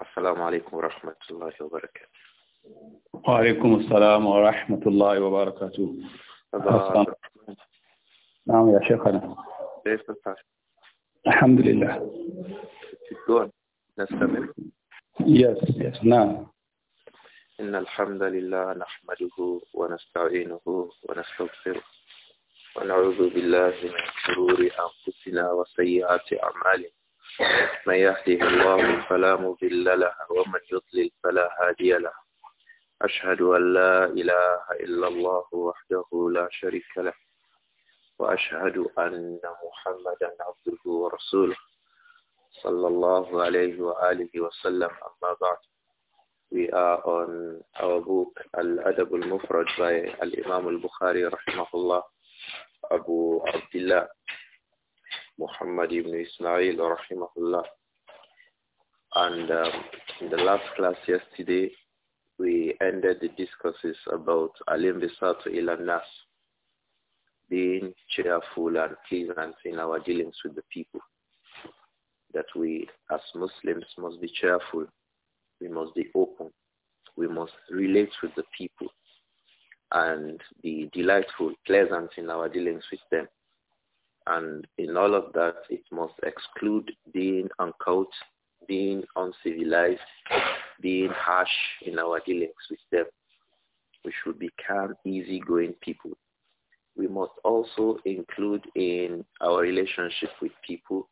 السلام عليكم ورحمة الله وبركاته وعليكم السلام ورحمة الله وبركاته نعم يا شيخنا كيف الحمد لله شكرا نستمر يس يس نعم إن الحمد لله نحمده ونستعينه ونستغفره ونعوذ بالله من شرور أنفسنا وسيئات أعمالنا من يهده الله فلا مضل له ومن يضلل فلا هادي له أشهد أن لا إله إلا الله وحده لا شريك له وأشهد أن محمدا عبده ورسوله صلى الله عليه وآله وسلم أما بعد We are on our book Al-Adab al-Mufrad by Al-Imam al-Bukhari أبو عبد الله. Muhammad ibn Ismail rahimahullah. And um, in the last class yesterday, we ended the discussions about Alim Bisatu Ilan Nas, being cheerful and pleasant in our dealings with the people. That we as Muslims must be cheerful, we must be open, we must relate with the people and be delightful, pleasant in our dealings with them. And in all of that, it must exclude being uncouth, being uncivilized, being harsh in our dealings with them. We should become easygoing people. We must also include in our relationship with people,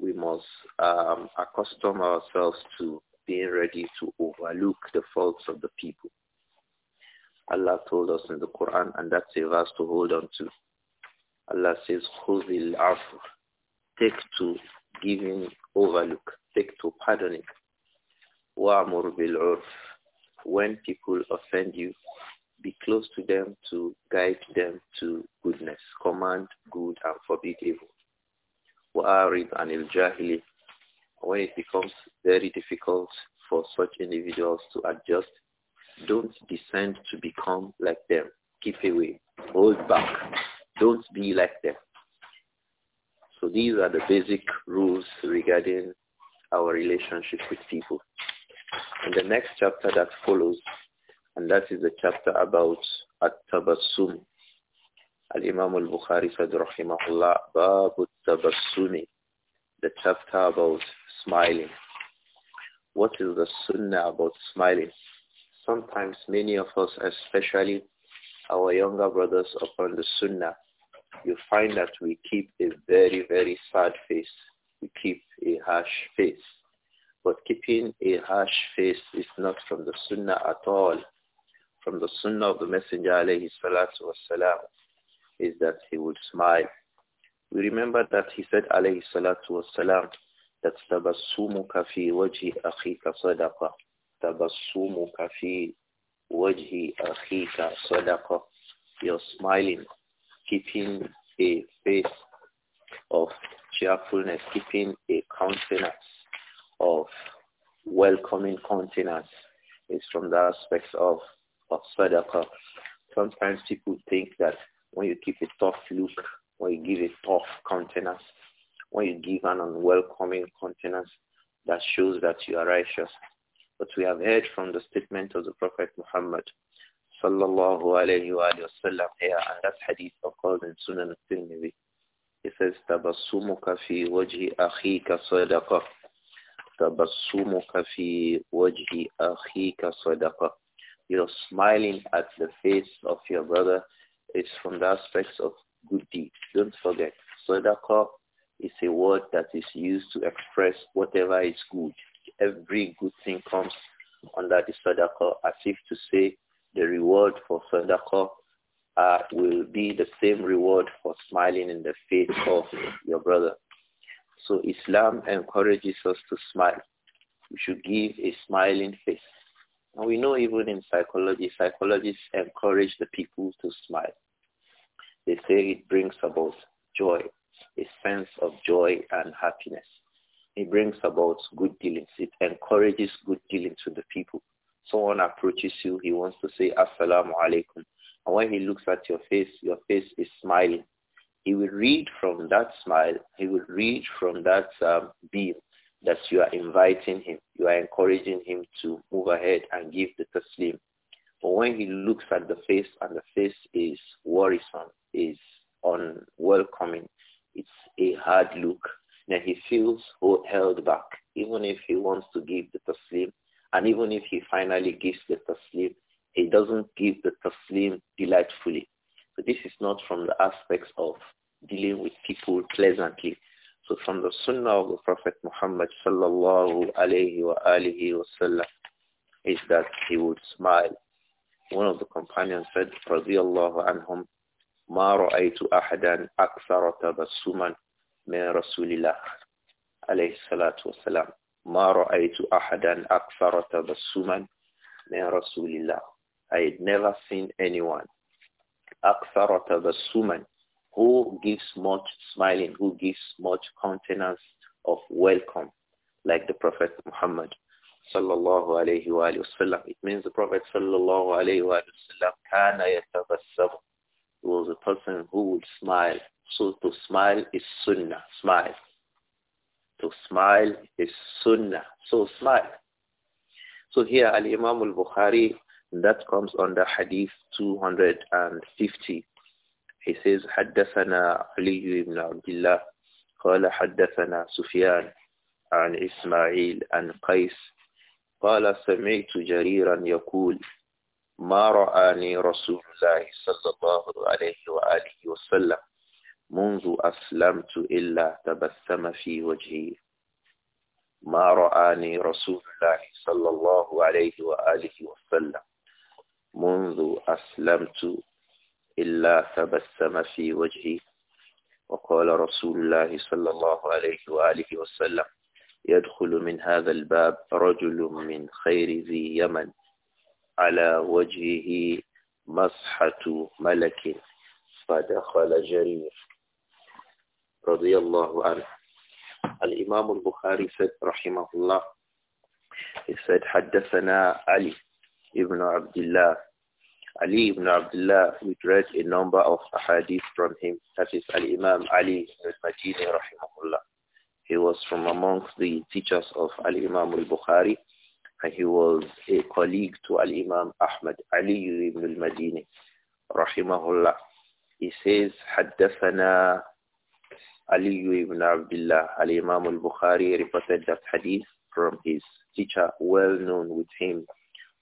we must um, accustom ourselves to being ready to overlook the faults of the people. Allah told us in the Quran, and that's a verse to hold on to. Allah says, Khuzil afu. Take to giving overlook. Take to pardoning. Wa'amur bil urf. When people offend you, be close to them to guide them to goodness. Command good and forbid evil. who anil jahili. When it becomes very difficult for such individuals to adjust, don't descend to become like them. Keep away. Hold back. Don't be like them. So these are the basic rules regarding our relationship with people. And the next chapter that follows, and that is the chapter about At-Tabassum. Al-Imam al-Bukhari said, Rahimahullah, Babu Tabassumi. The chapter about smiling. What is the sunnah about smiling? Sometimes many of us, especially our younger brothers upon the sunnah, you find that we keep a very, very sad face. We keep a harsh face. But keeping a harsh face is not from the sunnah at all. From the sunnah of the Messenger alayhi salatu wasalam is that he would smile. We remember that he said alayhi salatu wasalam that tabassumuka fi wajhi akhika sadaqa. Tabassumuka fi wajhi akhika sadaqa. You're smiling keeping a face of cheerfulness, keeping a countenance of welcoming countenance is from the aspects of, of sadaqah. Sometimes people think that when you keep a tough look, when you give a tough countenance, when you give an unwelcoming countenance, that shows that you are righteous. But we have heard from the statement of the Prophet Muhammad sallallahu alayhi wa sallam here, and that hadith occurs in Sunan al-Tirmidhi. He says, تَبَصُّمُكَ فِي وَجْهِ أَخِيكَ صَدَقَةً تَبَصُّمُكَ فِي وَجْهِ أَخِيكَ صَدَقَةً You're smiling at the face of your brother is from the aspects of good deeds. Don't forget, sadaqah is a word that is used to express whatever is good. Every good thing comes under the sadaqah as if to say, the reward for sadaqah uh, will be the same reward for smiling in the face of your brother. So Islam encourages us to smile. We should give a smiling face. And we know even in psychology, psychologists encourage the people to smile. They say it brings about joy, a sense of joy and happiness. It brings about good dealings. It encourages good dealings with the people someone approaches you, he wants to say Assalamu alaikum. And when he looks at your face, your face is smiling. He will read from that smile, he will read from that um, beam that you are inviting him, you are encouraging him to move ahead and give the taslim. But when he looks at the face and the face is worrisome, is unwelcoming, it's a hard look, then he feels held back. Even if he wants to give the taslim, and even if he finally gives the taslim, he doesn't give the taslim delightfully. So this is not from the aspects of dealing with people pleasantly. So from the sunnah of the Prophet Muhammad sallallahu alayhi wa alihi is that he would smile. One of the companions said, radiyallahu anhum, ما رأيت أحدا أكثر تبسما من رسول الله عليه الصلاة والسلام ما رأيت أحدا أكثر تبسما من رسول I had never seen anyone أكثر تبسما who gives much smiling, who gives much countenance of welcome, like the Prophet Muhammad sallallahu alayhi wa sallam. It means the Prophet sallallahu alayhi wa sallam kana yatabassamu. He was a person who would smile. So to smile is sunnah, smile. To smile is sunnah. So smile. So here Al-Imam al-Bukhari, that comes under Hadith 250. He says, حدثنا علي بن عبد الله قال حدثنا سفيان عن إسماعيل عن قيس قال سمعت جريرا يقول ما رآني رسول الله صلى الله عليه وآله وسلم منذ أسلمت إلا تبسم في وجهي ما رآني رسول الله صلى الله عليه وآله وسلم منذ أسلمت إلا تبسم في وجهي وقال رسول الله صلى الله عليه وآله وسلم يدخل من هذا الباب رجل من خير ذي يمن على وجهه مصحة ملك فدخل جرير radiallahu anhu. Al-Imam al-Bukhari said, rahimahullah, he said, حدثنا Ali ibn Abdullah. Ali ibn Abdullah, we read a number of hadith from him. That is Al-Imam Ali al-Majidi rahimahullah. He was from amongst the teachers of Al-Imam al-Bukhari and he was a colleague to Al-Imam Ahmad Ali ibn al-Madini rahimahullah. He says, حدثنا Ali ibn Abdullah, Al-Imam al-Bukhari reported that hadith from his teacher well known with him,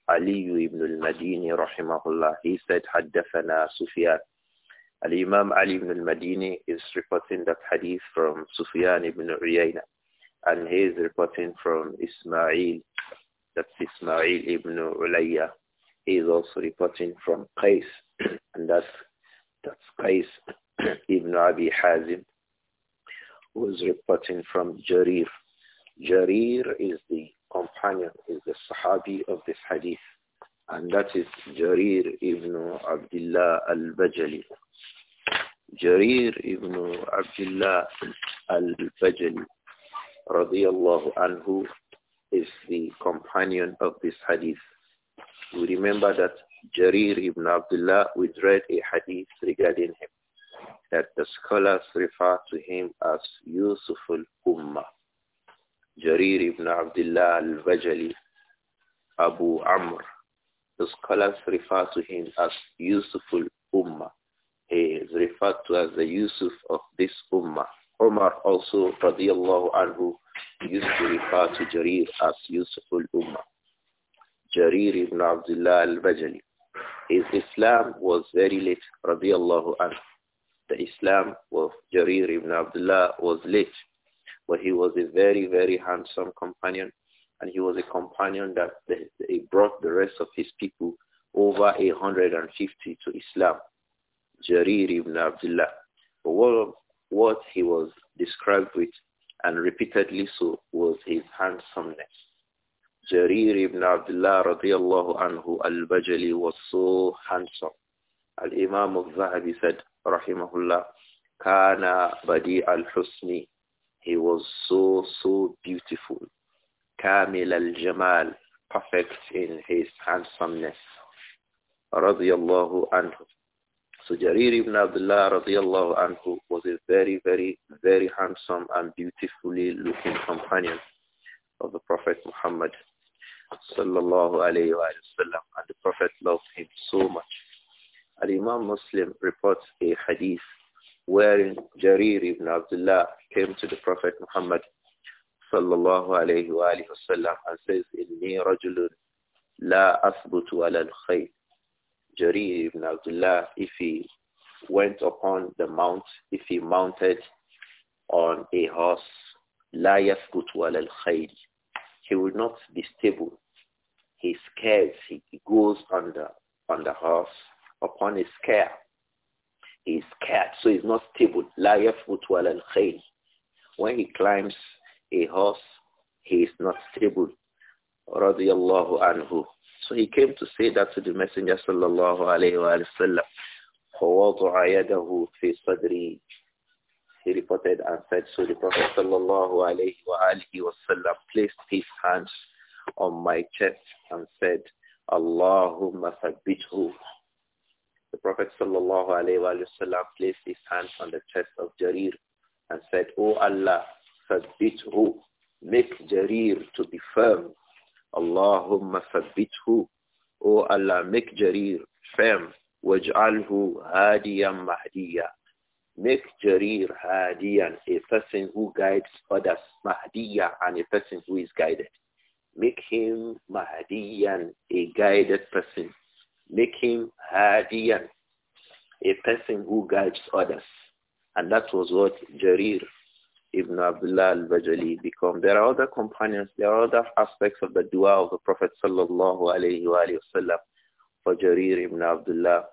Ali ibn al-Madini rahimahullah. He said, حدثنا Sufyan." Al-Imam Ali ibn al-Madini is reporting that hadith from Sufyan ibn Uyayna. And he is reporting from Ismail, that's Ismail ibn Ulayya. He is also reporting from Qais, and that's, that's Qais ibn Abi Hazim who is reporting from Jarir. Jarir is the companion, is the Sahabi of this hadith. And that is Jarir ibn Abdullah al-Bajali. Jarir ibn Abdullah al-Bajali, radiyallahu anhu, is the companion of this hadith. We remember that Jarir ibn Abdullah, we read a hadith regarding him that the scholars refer to him as Yusuf al umma Jarir ibn Abdullah al-Bajali, Abu Amr. The scholars refer to him as Yusuf al umma He is referred to as the Yusuf of this Ummah. Omar also, radiallahu anhu, used to refer to Jarir as Yusuf al umma Jarir ibn Abdullah al-Bajali. His Islam was very late, radiallahu anhu the Islam of Jarir ibn Abdullah was late, but he was a very, very handsome companion, and he was a companion that he brought the rest of his people over 150 to Islam, Jarir ibn Abdullah. But what, what he was described with, and repeatedly so, was his handsomeness. Jarir ibn Abdullah radiallahu anhu al-Bajali was so handsome. Al-Imam of zahabi said, rahimahullah, Kana Badi al-Husni. He was so, so beautiful. Kamil al-Jamal, perfect in his handsomeness. Radiallahu anhu. So Jarir ibn Abdullah radiallahu anhu was a very, very, very handsome and beautifully looking companion of the Prophet Muhammad sallallahu alayhi wa sallam. And the Prophet loved him so much. Al-Imam Muslim reports a hadith wherein Jarir ibn Abdullah came to the Prophet Muhammad sallallahu alayhi wa alayhi wasallam and says, إِنِّي رَجُلٌ لَا أَثْبُتُ عَلَى الْخَيْرِ Jarir ibn Abdullah, if he went upon the mount, if he mounted on a horse, لَا يَثْبُتُ عَلَى الْخَيْرِ He would not be stable. He scares. He goes under on the horse upon his care, He is scared, so he's not stable. La yafutwal al When he climbs a horse, he is not stable. Radiallahu anhu. So he came to say that to the Messenger sallallahu alayhi wa sallam. فَوَضُعَ يَدَهُ فِي صَدْرِي He reported and said, so the Prophet sallallahu alayhi wa wa sallam placed his hands on my chest and said, Allahumma thabbithu the Prophet sallallahu placed his hands on the chest of Jarir and said, O Allah, sabithu, make Jarir to be firm. Allahumma sabithu, O Allah, make Jarir firm. Waj'alhu hadiyan mahdiya. Make Jarir hadiyan, a person who guides others, mahdiya, and a person who is guided. Make him mahdiyan, a guided person. Make him hadiyan, a person who guides others. And that was what Jarir Ibn Abdullah al-Bajali became. There are other companions, there are other aspects of the dua of the Prophet sallallahu alayhi wa sallam for Jarir Ibn Abdullah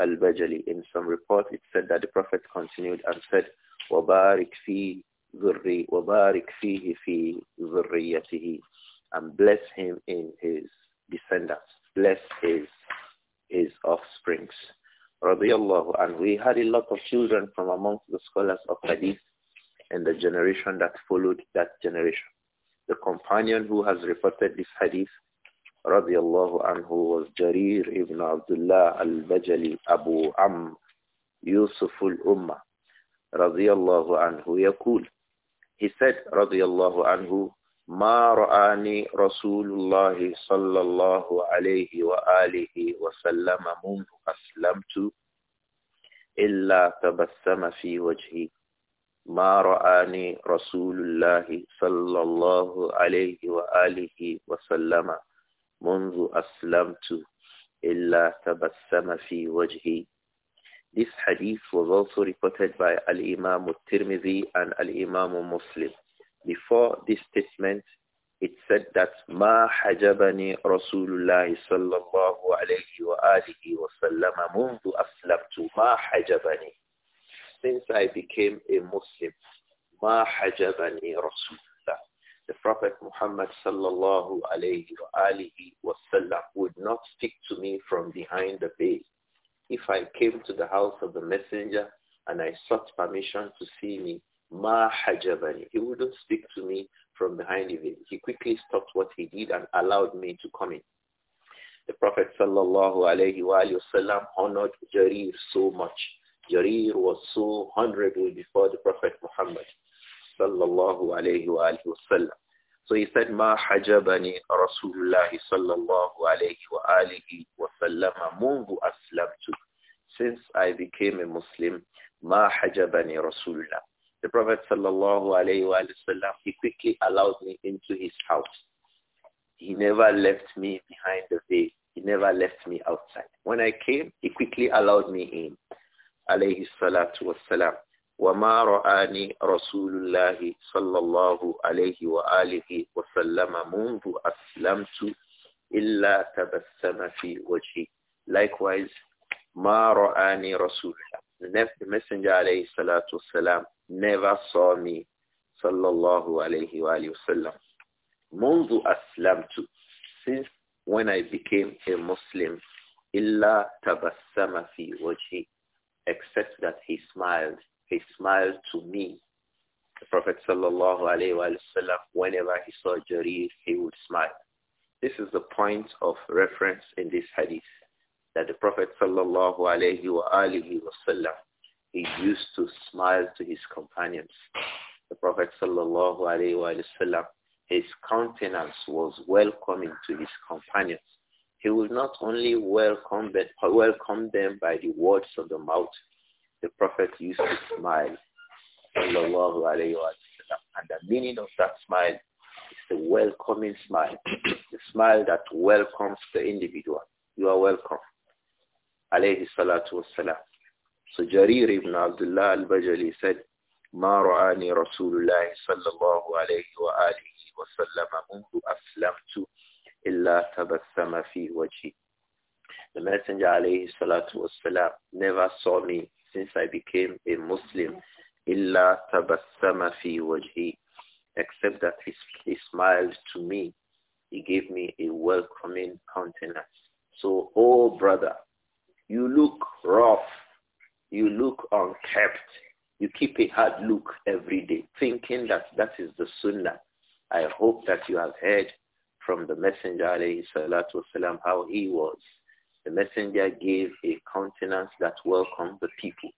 al-Bajali. In some reports it said that the Prophet continued and said, وَبَارِكْ فِي ذُرِّي وَبَارِكْ فِيهِ فِي ذُرِّيَّتِهِ And bless him in his descendants. Bless his his offsprings. Radiallahu and we had a lot of children from amongst the scholars of hadith in the generation that followed that generation. The companion who has reported this hadith, radiallahu anhu, was Jarir ibn Abdullah al-Bajali Abu Amr Yusuf al-Ummah, radiallahu anhu, yaqul. He said, radiallahu anhu, ما رآني رسول الله صلى الله عليه وآله وسلم منذ أسلمت إلا تبسم في وجهي ما رآني رسول الله صلى الله عليه وآله وسلم منذ أسلمت إلا تبسم في وجهي This hadith was also reported by Al-Imam al-Tirmidhi and Al-Imam al-Muslim. Before this statement, it said that ما حجبني رسول الله صلى الله عليه وآله وسلم منذ أسلمت ما حجبني since I became a Muslim ما حجبني رسول الله the Prophet Muhammad صلى الله عليه وآله وسلم would not speak to me from behind the veil if I came to the house of the messenger and I sought permission to see me Ma hajabani. He wouldn't speak to me from behind the veil. He quickly stopped what he did and allowed me to come in. The Prophet sallallahu alayhi wa sallam honored Jarir so much. Jarir was so honorable before the Prophet Muhammad sallallahu alayhi wa sallam. So he said, Ma hajabani Rasulullah sallallahu alayhi wa alihi wa sallama mundu aslamtu. Since I became a Muslim, Ma hajabani Rasulullah. The Prophet sallallahu alayhi wa he quickly allowed me into his house. He never left me behind the veil. He never left me outside. When I came, he quickly allowed me in. Alayhi salatu wa salam. وما رآني رسول الله صلى الله عليه وآله وسلم منذ أسلمت إلا تبسم في وجهي likewise ما رآني رسول الله the Messenger alayhi salatu salam never saw me sallallahu alayhi wa sallam. Mundu aslamtu. Since when I became a Muslim, illa tabassama fi wajhi. Except that he smiled. He smiled to me. The Prophet sallallahu alayhi wa sallam, whenever he saw Jarir, he would smile. This is the point of reference in this hadith that the Prophet sallallahu alaihi wasallam he used to smile to his companions. The Prophet sallallahu wa wasallam his countenance was welcoming to his companions. He would not only welcome, welcome them by the words of the mouth. The Prophet used to smile, sallallahu alaihi wasallam, and the meaning of that smile is the welcoming smile, the smile that welcomes the individual. You are welcome alayhi salatu wassalam. So Jarir ibn Abdullah al-Bajali said, "Ma ru'ani Rasulullah صلى الله عليه وآله وسلم منذ أسلمت إلا تبسم في وجهي. The Messenger alayhi salatu wassalam never saw me since I became a Muslim إلا تبسم في وجهي except that he, he smiled to me. He gave me a welcoming countenance. So, oh brother, you look rough. You look unkempt. You keep a hard look every day, thinking that that is the sunnah. I hope that you have heard from the messenger, alayhi salatu wasalam, how he was. The messenger gave a countenance that welcomed the people.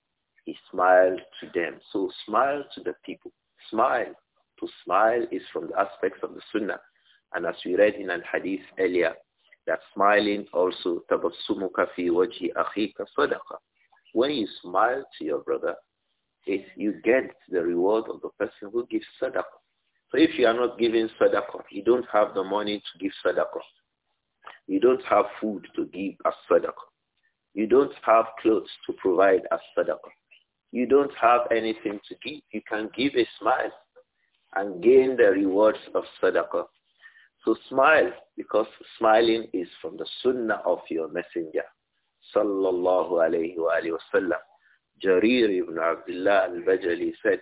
He smiled to them. So smile to the people. Smile. To smile is from the aspects of the sunnah. And as we read in an hadith earlier, that smiling also tabassumuka fi wajhi akhika sadaqa. When you smile to your brother, it, you get the reward of the person who gives sadaqah. So if you are not giving sadaqah, you don't have the money to give sadaqah. You don't have food to give as sadaqah. You don't have clothes to provide as sadaqah. You don't have anything to give. You can give a smile and gain the rewards of sadaqah to smile because smiling is from the sunnah of your messenger. Sallallahu alayhi wa alayhi wa sallam. Jarir ibn Abdullah al-Bajali said,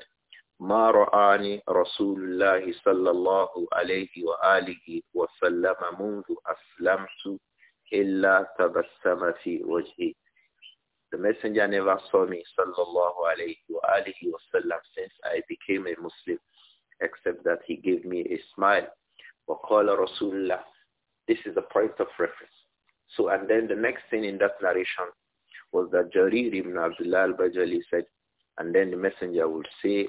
"Ma raani Rasulullah الله صلى الله عليه وآله وسلم منذ أسلمت إلا تبسم في وجهي. The messenger never saw me sallallahu alayhi wa alihi wasallam since I became a Muslim except that he gave me a smile وَقَالَ رَسُولُ اللَّهِ This is the point of reference. So, and then the next thing in that narration was that Jarir ibn Abdullah al-Bajali said, and then the messenger would say,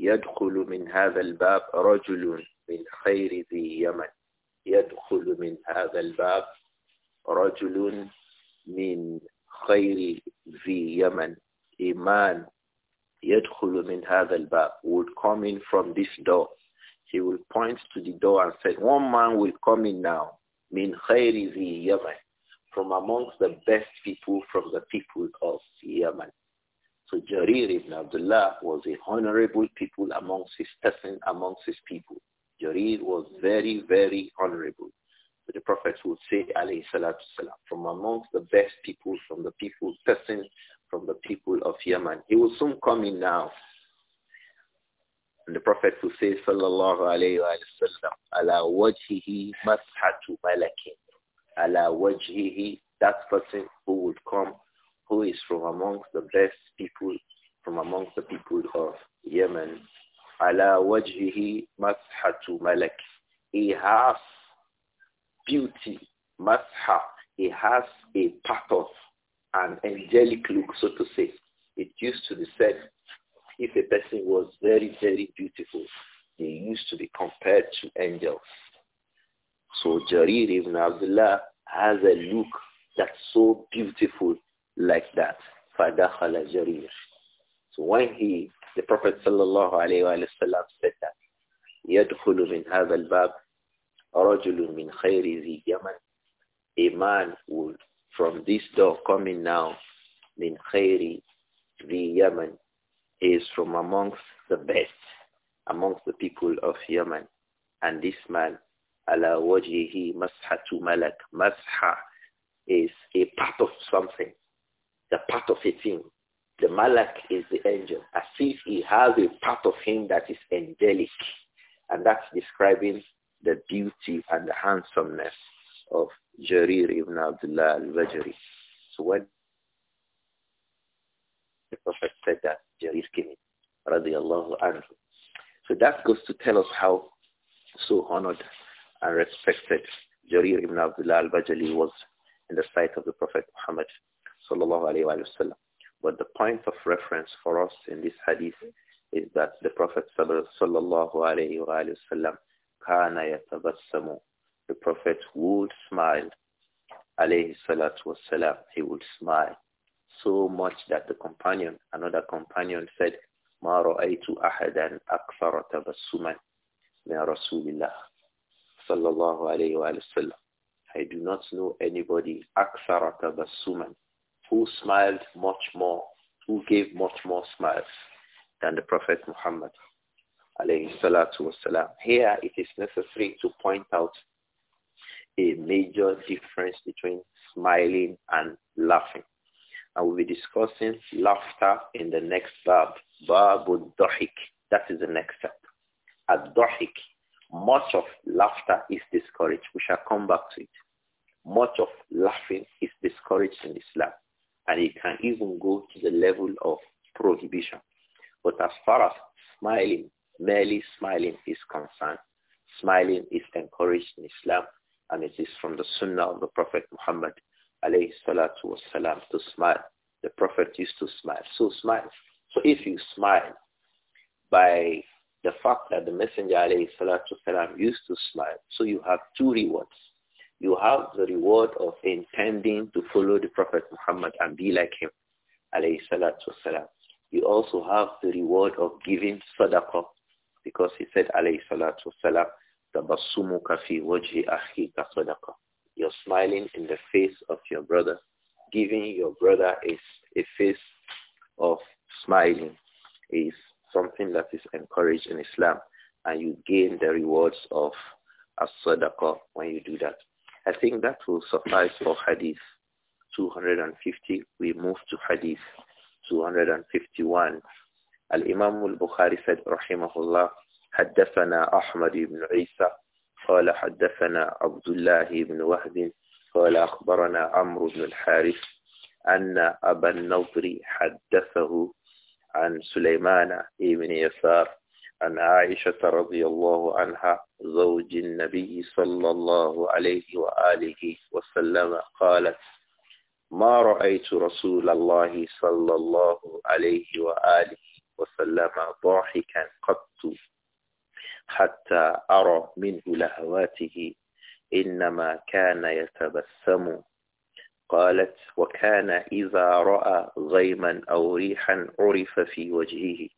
يَدْخُلُ مِنْ هَذَا الْبَابِ رَجُلٌ مِنْ خَيْرِ ذِي يَمَنٍ يَدْخُلُ مِنْ هَذَا الْبَابِ رَجُلٌ مِنْ خَيْرِ ذِي يَمَنٍ A man يَدْخُلُ مِنْ هَذَا الْبَابِ would come in from this door he will point to the door and say, one man will come in now, min khayrizi Yemen, from amongst the best people from the people of Yemen. So Jarir ibn Abdullah was a honorable people amongst his person, amongst his people. Jarir was very, very honorable. So the Prophet would say, alayhi salatu salam, from amongst the best people, from the people, person, from the people of Yemen. He will soon come in now. And the Prophet will say, sallallahu alayhi Wasallam, ala wajhihi mashatu malakin. Ala wajhihi, that person who would come, who is from amongst the best people, from amongst the people of Yemen. Ala wajhihi mashatu malak. He has beauty, masha. He has a pathos, an angelic look, so to say. It used to be said if a person was very, very beautiful, they used to be compared to angels. So Jarir ibn Abdullah has a look that's so beautiful like that. فَدَخَلَ جَرِيرٌ So when he, the Prophet sallallahu alayhi wa sallam said that, يَدْخُلُ مِنْ هَذَا الْبَابِ رَجُلٌ مِنْ خَيْرِ ذِي يَمَنٍ A man would, from this door coming now, مِنْ خَيْرِ ذِي يَمَنٍ is from amongst the best, amongst the people of Yemen. And this man, ala wajihi mashatu malak, masha is a part of something, the part of a thing. The malak is the angel, as if he has a part of him that is angelic. And that's describing the beauty and the handsomeness of Jarir ibn Abdullah al wajri So when the Prophet said that, Jariskini, radiallahu anhu. So that goes to tell us how so honored and respected Jarir ibn Abdullah al-Bajali was in the sight of the Prophet Muhammad sallallahu alayhi wa But the point of reference for us in this hadith is that the Prophet sallallahu alayhi wa sallam kana yatabassamu. The Prophet would smile alayhi salatu wasalam. He would smile so much that the companion, another companion said, ما رأيت أحدا أكثر تبسما من رسول الله صلى الله عليه وآله وسلم I do not know anybody أكثر تبسما who smiled much more, who gave much more smiles than the Prophet Muhammad alayhi salatu wasalam. Here it is necessary to point out a major difference between smiling and laughing. And we'll be discussing laughter in the next bab. Babu dohik. That is the next step. At dohik, much of laughter is discouraged. We shall come back to it. Much of laughing is discouraged in Islam. And it can even go to the level of prohibition. But as far as smiling, merely smiling is concerned, smiling is encouraged in Islam and it is from the Sunnah of the Prophet Muhammad alayhi salatu wasalam, to smile. The Prophet used to smile. So smile. So if you smile by the fact that the Messenger alayhi salatu wasalam used to smile, so you have two rewards. You have the reward of intending to follow the Prophet Muhammad and be like him alayhi salatu wasalam. You also have the reward of giving sadaqah because he said alayhi salatu wasalam, tabassumuka fi wajhi akhika sadaqah you're smiling in the face of your brother, giving your brother a, a face of smiling is something that is encouraged in Islam and you gain the rewards of as-sadaqah when you do that. I think that will suffice for hadith 250. We move to hadith 251. Al-Imam al-Bukhari said, rahimahullah, حدثنا أحمد بن عيسى قال حدثنا عبد الله بن وهب قال أخبرنا عمرو بن الحارث أن أبا النضر حدثه عن سليمان بن يسار عن عائشة رضي الله عنها زوج النبي صلى الله عليه وآله وسلم قالت ما رأيت رسول الله صلى الله عليه وآله وسلم ضاحكا قط حتى أرى منه لهواته إنما كان يتبسم قالت وكان إذا رأى غيما أو ريحا عرف في وجهه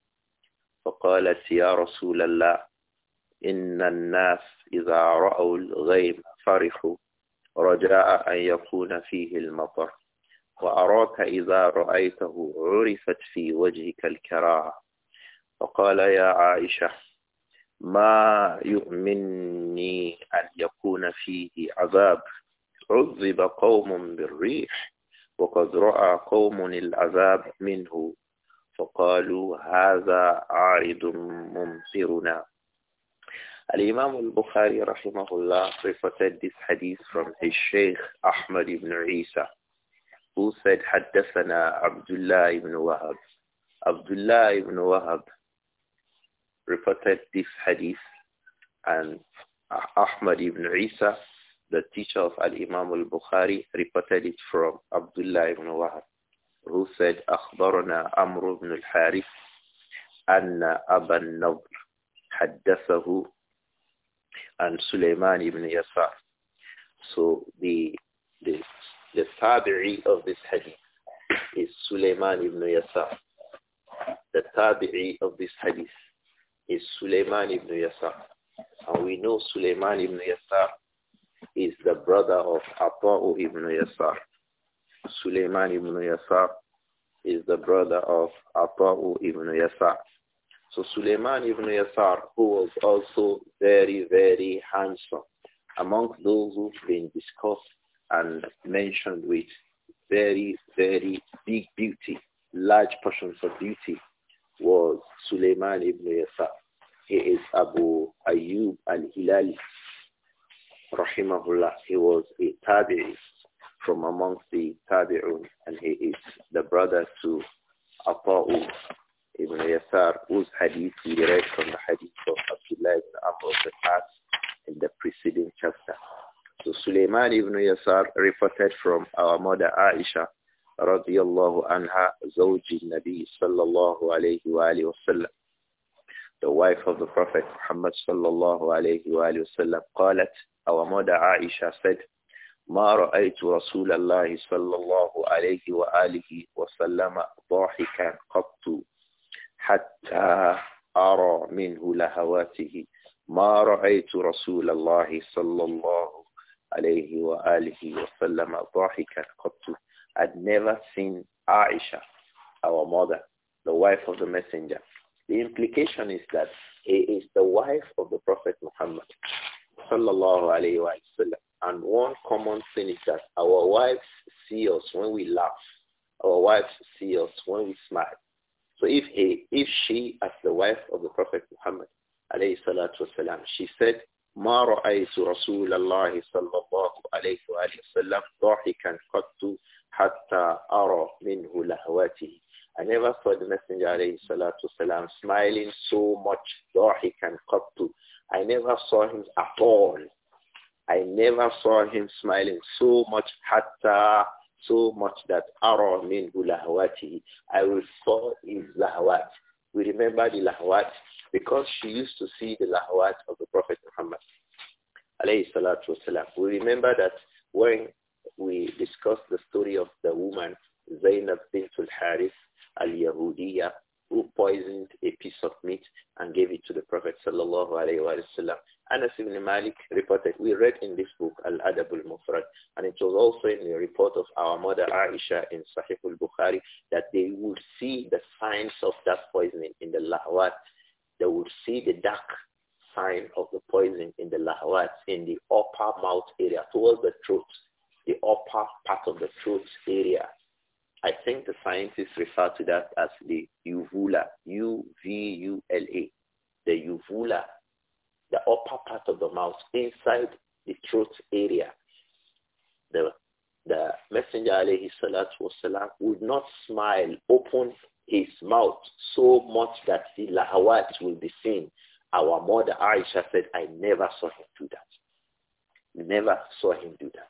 فقالت يا رسول الله إن الناس إذا رأوا الغيم فرحوا رجاء أن يكون فيه المطر وأراك إذا رأيته عرفت في وجهك الكراهة فقال يا عائشة ما يؤمني أن يكون فيه عذاب عذب قوم بالريح وقد رأى قوم العذاب منه فقالوا هذا عارض ممطرنا الإمام البخاري رحمه الله reported this hadith from his Sheikh Ahmad ibn Isa who said حدثنا عبد الله بن وهب عبد الله بن وهب reported this hadith and uh, Ahmad ibn Isa, the teacher of Al-Imam al-Bukhari, reported it from Abdullah ibn Wahab, who said, أخبرنا أمر بن الحارث أن أبا النضر حدثه And Suleiman ibn Yasar. So the, the, the tabi'i of this hadith is Sulaiman ibn Yasar, the tabi'i of this hadith is Suleiman ibn Yasar. And we know Suleiman ibn Yasar is the brother of Ata'u ibn Yasar. Suleiman ibn Yasar is the brother of Ata'u ibn Yasar. So Suleiman ibn Yasar, who was also very, very handsome, among those who've been discussed and mentioned with very, very big beauty, large portions of beauty was Suleiman ibn Yasar. He is Abu Ayyub al-Hilali, rahimahullah. He was a tabi'i from amongst the tabi'un, and he is the brother to Ata'u ibn Yasar, whose hadith we read from the hadith of Abdullah ibn Amr past in the preceding chapter. So Suleiman ibn Yasar reported from our mother Aisha رضي الله عنها زوج النبي صلى الله عليه وآله وسلم the wife of the Prophet Muhammad صلى الله عليه وآله وسلم قالت our mother Aisha said ما رأيت رسول الله صلى الله عليه وآله وسلم ضاحكا قط حتى أرى منه لهواته ما رأيت رسول الله صلى الله عليه وآله وسلم ضاحكا قط had never seen Aisha, our mother, the wife of the messenger. The implication is that he is the wife of the Prophet Muhammad sallallahu alayhi And one common thing is that our wives see us when we laugh. Our wives see us when we smile. So if he, if she, as the wife of the Prophet Muhammad alayhi she said, ما رأيت رسول الله صلى الله عليه وآله وسلم ضاحكا قط حَتَّى أَرَى مِنْهُ لَهْوَتِهِ I never saw the Messenger alayhi salatu salam smiling so much, cut to? I never saw him at all. I never saw him smiling so much, حَتَّى so much that أَرَى مِنْهُ لَهْوَتِهِ I will saw his lahwat. We remember the lahwat because she used to see the lahwat of the Prophet Muhammad alayhi salatu We remember that when we discussed the story of the woman Zainab bint al-Harith al who poisoned a piece of meat and gave it to the Prophet sallallahu alaihi wasallam. Anas ibn Malik reported, we read in this book Al-Adab al-Mufrad, and it was also in the report of our mother Aisha in Sahih al-Bukhari that they would see the signs of that poisoning in the lahwat. They would see the dark sign of the poison in the lahwat, in the upper mouth area, towards the throat the upper part of the throat area. I think the scientists refer to that as the uvula, U-V-U-L-A, the uvula, the upper part of the mouth inside the throat area. The, the Messenger alayhi salatu wasalam would not smile, open his mouth so much that the lahawat will be seen. Our mother Aisha said, I never saw him do that. Never saw him do that.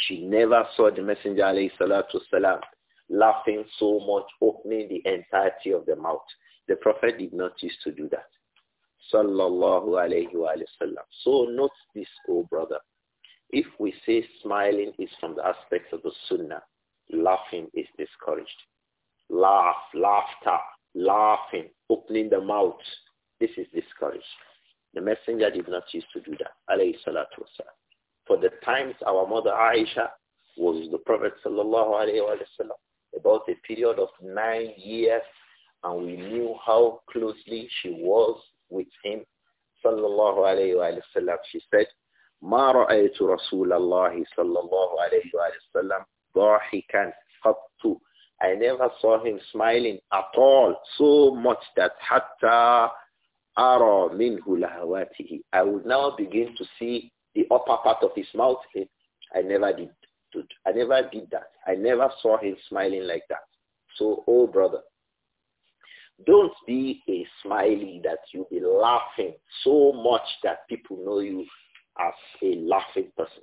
She never saw the Messenger والسلام, laughing so much, opening the entirety of the mouth. The Prophet did not used to do that. Sallallahu alayhi wa So note this, oh brother. If we say smiling is from the aspects of the sunnah, laughing is discouraged. Laugh, laughter, laughing, opening the mouth. This is discouraged. The messenger did not used to do that. Alayhi salatu wasalam for the times our mother Aisha was the Prophet sallallahu alaihi about a period of nine years, and we knew how closely she was with him sallallahu alaihi wasallam. She said, "ما رأيت رسول sallallahu صلى الله عليه وسلم I never saw him smiling at all so much that hatta ara minhu لهواته. I would now begin to see the upper part of his mouth, it, I never did. I never did that. I never saw him smiling like that. So, oh brother, don't be a smiley that you be laughing so much that people know you as a laughing person.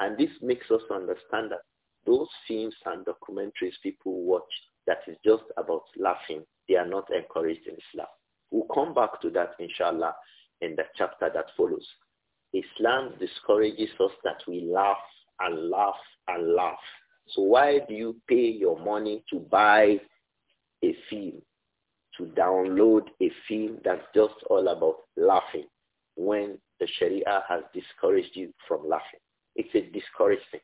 And this makes us understand that those films and documentaries people watch that is just about laughing, they are not encouraged in Islam. We'll come back to that, inshallah, in the chapter that follows. Islam discourages us that we laugh and laugh and laugh. So why do you pay your money to buy a film, to download a film that's just all about laughing when the Sharia has discouraged you from laughing? It's a discouraging.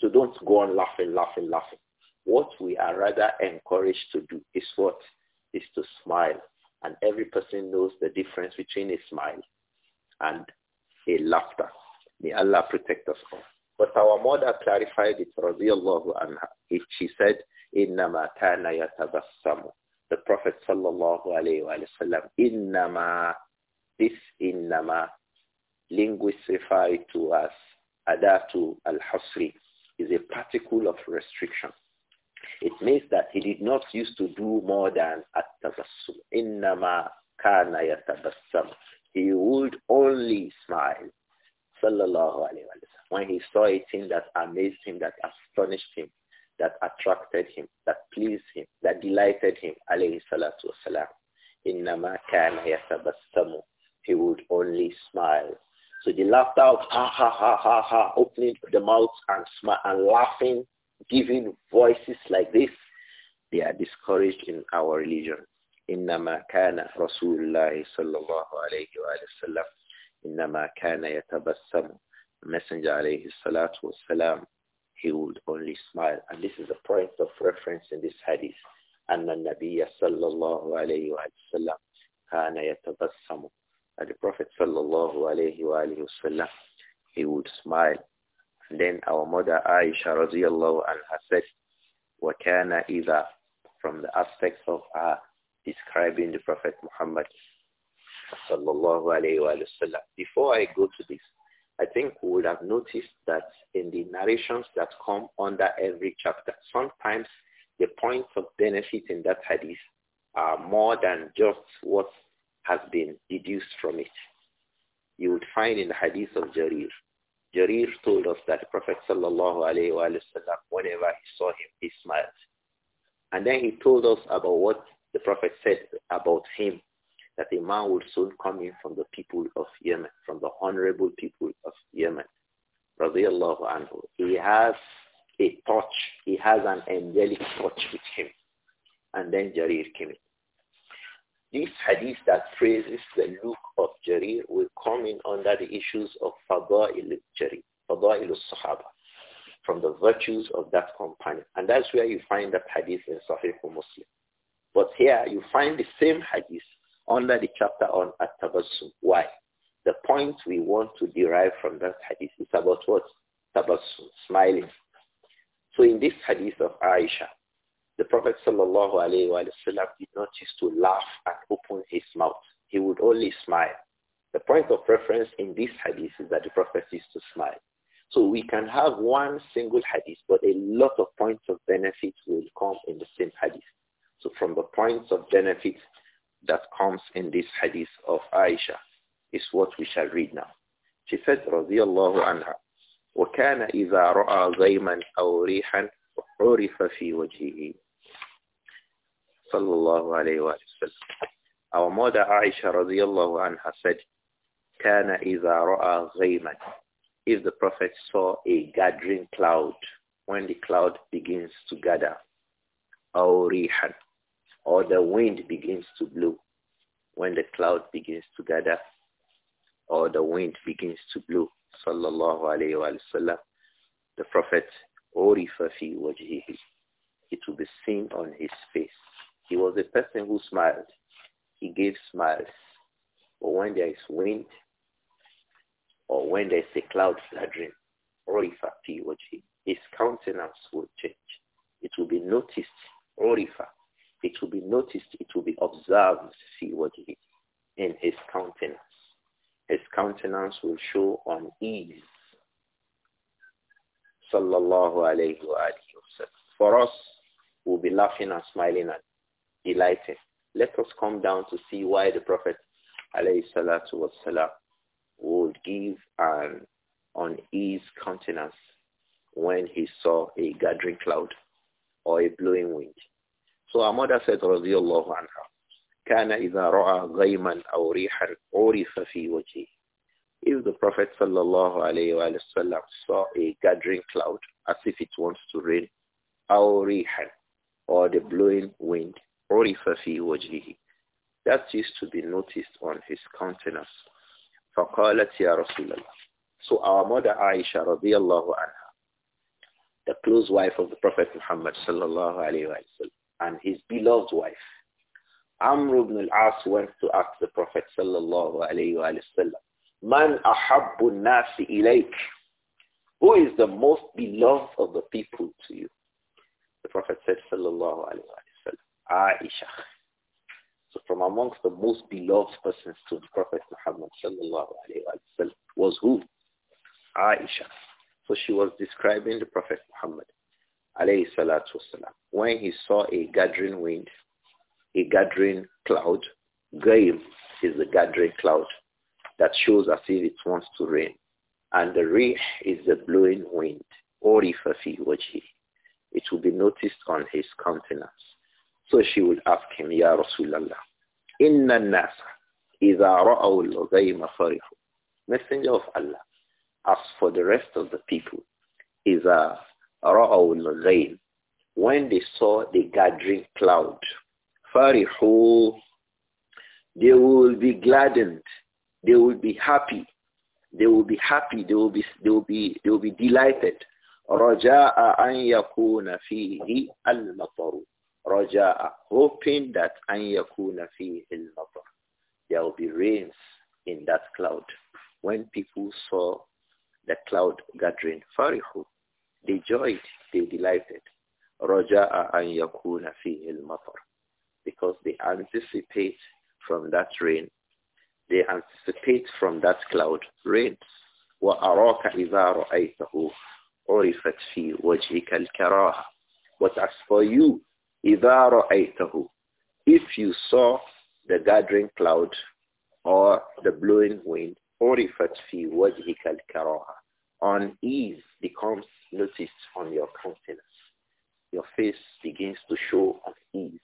So don't go on laughing, laughing, laughing. What we are rather encouraged to do is what? Is to smile. And every person knows the difference between a smile and a laughter. May Allah protect us all. But our mother clarified it, radiallahu anha. If she said, إِنَّمَا كَانَ يَتَبَسَّمُ The Prophet sallallahu alayhi wa sallam, إِنَّمَا This إِنَّمَا Linguists refer to as adatu al-hasri is a particle of restriction. It means that he did not used to do more than at-tabassum. Innama kana yatabassam he would only smile. Sallallahu alayhi wa When he saw a thing that amazed him, that astonished him, that attracted him, that pleased him, that delighted him, alayhi salatu wasalam. Innama kana yatabassamu. He would only smile. So the laughter of ha ha ha ha ha, opening the mouth and smile and laughing, giving voices like this, they are discouraged in our religion. إنما كان رسول الله صلى الله عليه وآله وسلم إنما كان يتبسم Messenger عليه الصلاة والسلام he would only smile and this is the point of reference in this hadith أن النبي صلى الله عليه وآله وسلم كان يتبسم and the Prophet صلى الله عليه وآله وسلم he would smile and then our mother Aisha رضي الله عنها said وكان إذا from the aspects of her describing the Prophet Muhammad sallallahu alayhi wa sallam. Before I go to this, I think we would have noticed that in the narrations that come under every chapter, sometimes the points of benefit in that hadith are more than just what has been deduced from it. You would find in the hadith of Jarir, Jarir told us that the Prophet sallallahu alayhi wa sallam, whenever he saw him, he smiled. And then he told us about what the Prophet said about him that a man will soon come in from the people of Yemen, from the honorable people of Yemen. anhu. He has a touch. He has an angelic touch with him. And then Jarir came in. This hadith that praises the look of Jarir will come in under the issues of Fada'il Jarir, Fada'il Sahaba, from the virtues of that companion. And that's where you find that hadith in Sahih Muslim. But here you find the same hadith under the chapter on At-Tabassum. Why? The point we want to derive from that hadith is about what? Tabassum, smiling. So in this hadith of Aisha, the Prophet sallallahu alaihi wasallam did not used to laugh and open his mouth. He would only smile. The point of reference in this hadith is that the Prophet used to smile. So we can have one single hadith, but a lot of points of benefit will come in the same hadith. So from the points of benefit that comes in this hadith of Aisha is what we shall read now. She said, رضي الله عنها, وكان إذا رأى زيما أو ريحا عرف في وجهه صلى الله عليه وسلم. Our mother Aisha رضي الله عنها said, كان إذا رأى غيما If the Prophet saw a gathering cloud, when the cloud begins to gather, أو ريحا or the wind begins to blow when the cloud begins to gather or the wind begins to blow. Sallallahu alayhi wa sallam. The Prophet, Orifa fi wajhihi. It will be seen on his face. He was a person who smiled. He gave smiles. But when there is wind or when there is a cloud gathering, Orifa fi wajhihi. His countenance will change. It will be noticed. Orifa it will be noticed, it will be observed, see what he in his countenance. His countenance will show on ease. Sallallahu alayhi wa For us, we'll be laughing and smiling and delighted. Let us come down to see why the Prophet alayhi salatu wasalam would give an uneased countenance when he saw a gathering cloud or a blowing wind. So our mother said, رضي الله عنها, كان إذا رأى غيما أو ريحا عرف في وجهه. If the Prophet sallallahu alayhi wa sallam saw a gathering cloud as if it wants to rain, أو ريحا, or the blowing wind, عرف في وجهه. That used to be noticed on his countenance. فقالت يا رسول الله. So our mother Aisha radiallahu anha, the close wife of the Prophet Muhammad sallallahu alayhi wa sallam, and his beloved wife. Amr ibn al-As went to ask the Prophet sallallahu alayhi wa sallam, Man ahabbu nasi ilayk? Who is the most beloved of the people to you? The Prophet said sallallahu alayhi wa sallam, Aisha. So from amongst the most beloved persons to the Prophet Muhammad sallallahu alayhi wa sallam was who? Aisha. So she was describing the Prophet Muhammad alayhi salatu wasalam, when he saw a gathering wind, a gathering cloud, gale is the gathering cloud that shows as if it wants to rain. And the rih is the blowing wind, or if It will be noticed on his countenance. So she would ask him, Ya Rasulallah, Inna nasa, إذا رأوا الغيم فرحوا. Messenger of Allah, as for the rest of the people, إذا رَأَوُ When they saw the gathering cloud, فَرِحُوا They will be gladdened. They will be happy. They will be happy. They will be, they will be, they will be delighted. رَجَاءَ أَنْ يَكُونَ فِيهِ الْمَطَرُ Raja'a, hoping that an yakuna fihi al-matar. There will be rains in that cloud. When people saw the cloud gathering, farihu, they joyed, they delighted. رَجَاءَ أَنْ يَكُونَ فِيهِ الْمَطَرُ Because they anticipate from that rain, they anticipate from that cloud rain. وَأَرَاكَ إِذَا رَأَيْتَهُ عُرِفَتْ فِي وَجْهِكَ الْكَرَاهَ But as for you, إِذَا رَأَيْتَهُ If you saw the gathering cloud or the blowing wind, عُرِفَتْ فِي وَجْهِكَ الْكَرَاهَ On ease becomes noticed on your countenance. Your face begins to show unease.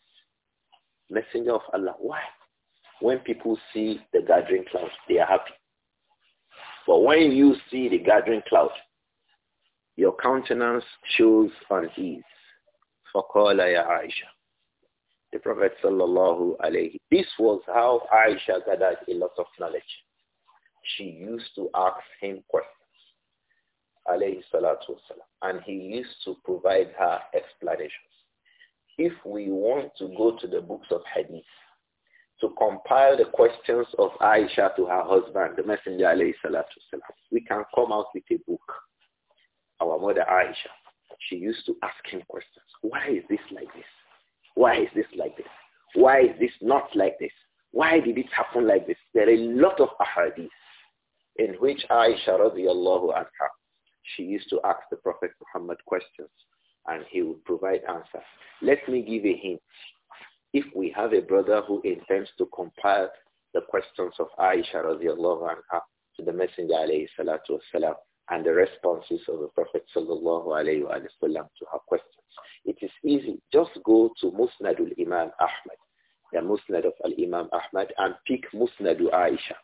Messenger of Allah, why? When people see the gathering clouds, they are happy. But when you see the gathering cloud, your countenance shows unease. فَقَالَ يَا Aisha, The Prophet sallallahu alayhi. This was how Aisha gathered a lot of knowledge. She used to ask him questions alayhi salatu wasalam. And he used to provide her explanations. If we want to go to the books of hadith, to compile the questions of Aisha to her husband, the Messenger alayhi salatu wasalam, we can come out with a book. Our mother Aisha, she used to ask him questions. Why is this like this? Why is this like this? Why is this not like this? Why did it happen like this? There are a lot of ahadith in which Aisha radiallahu anha she used to ask the Prophet Muhammad questions and he would provide answers. Let me give a hint. If we have a brother who intends to compile the questions of Aisha radiallahu anha to the Messenger alayhi salatu wasalam and the responses of the Prophet sallallahu alayhi wa sallam to her questions, it is easy. Just go to Musnadul Imam Ahmad, the Musnad of Al-Imam Ahmad and pick Musnadu Aisha.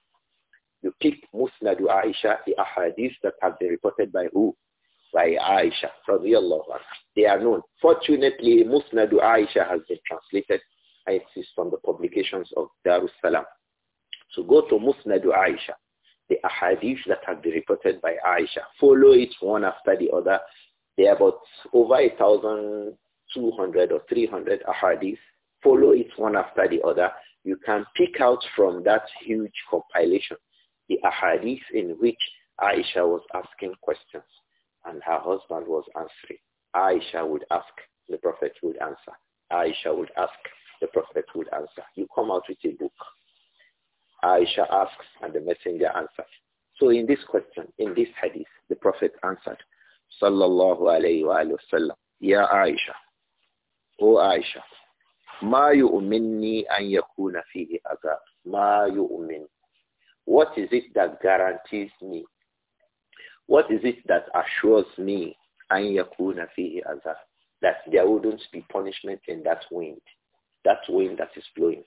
You pick Musnadu Aisha, the ahadith that have been reported by who? By Aisha, radiallahu anha. They are known. Fortunately, Musnadu Aisha has been translated, I insist, from the publications of Darussalam. So go to Musnadu Aisha, the ahadith that have been reported by Aisha. Follow it one after the other. There are about over 1,200 or 300 ahadith. Follow it one after the other. You can pick out from that huge compilation hadith in which Aisha was asking questions and her husband was answering. Aisha would ask, the Prophet would answer. Aisha would ask, the Prophet would answer. You come out with a book. Aisha asks and the messenger answers. So in this question, in this hadith, the Prophet answered, Sallallahu alayhi wa, sallam, Ya Aisha, O Aisha, Ma yu'minni an yakuna fihi azab. Ma yu'min. What is it that guarantees me? What is it that assures me an yakuna fihi azab? That there wouldn't be punishment in that wind, that wind that is blowing.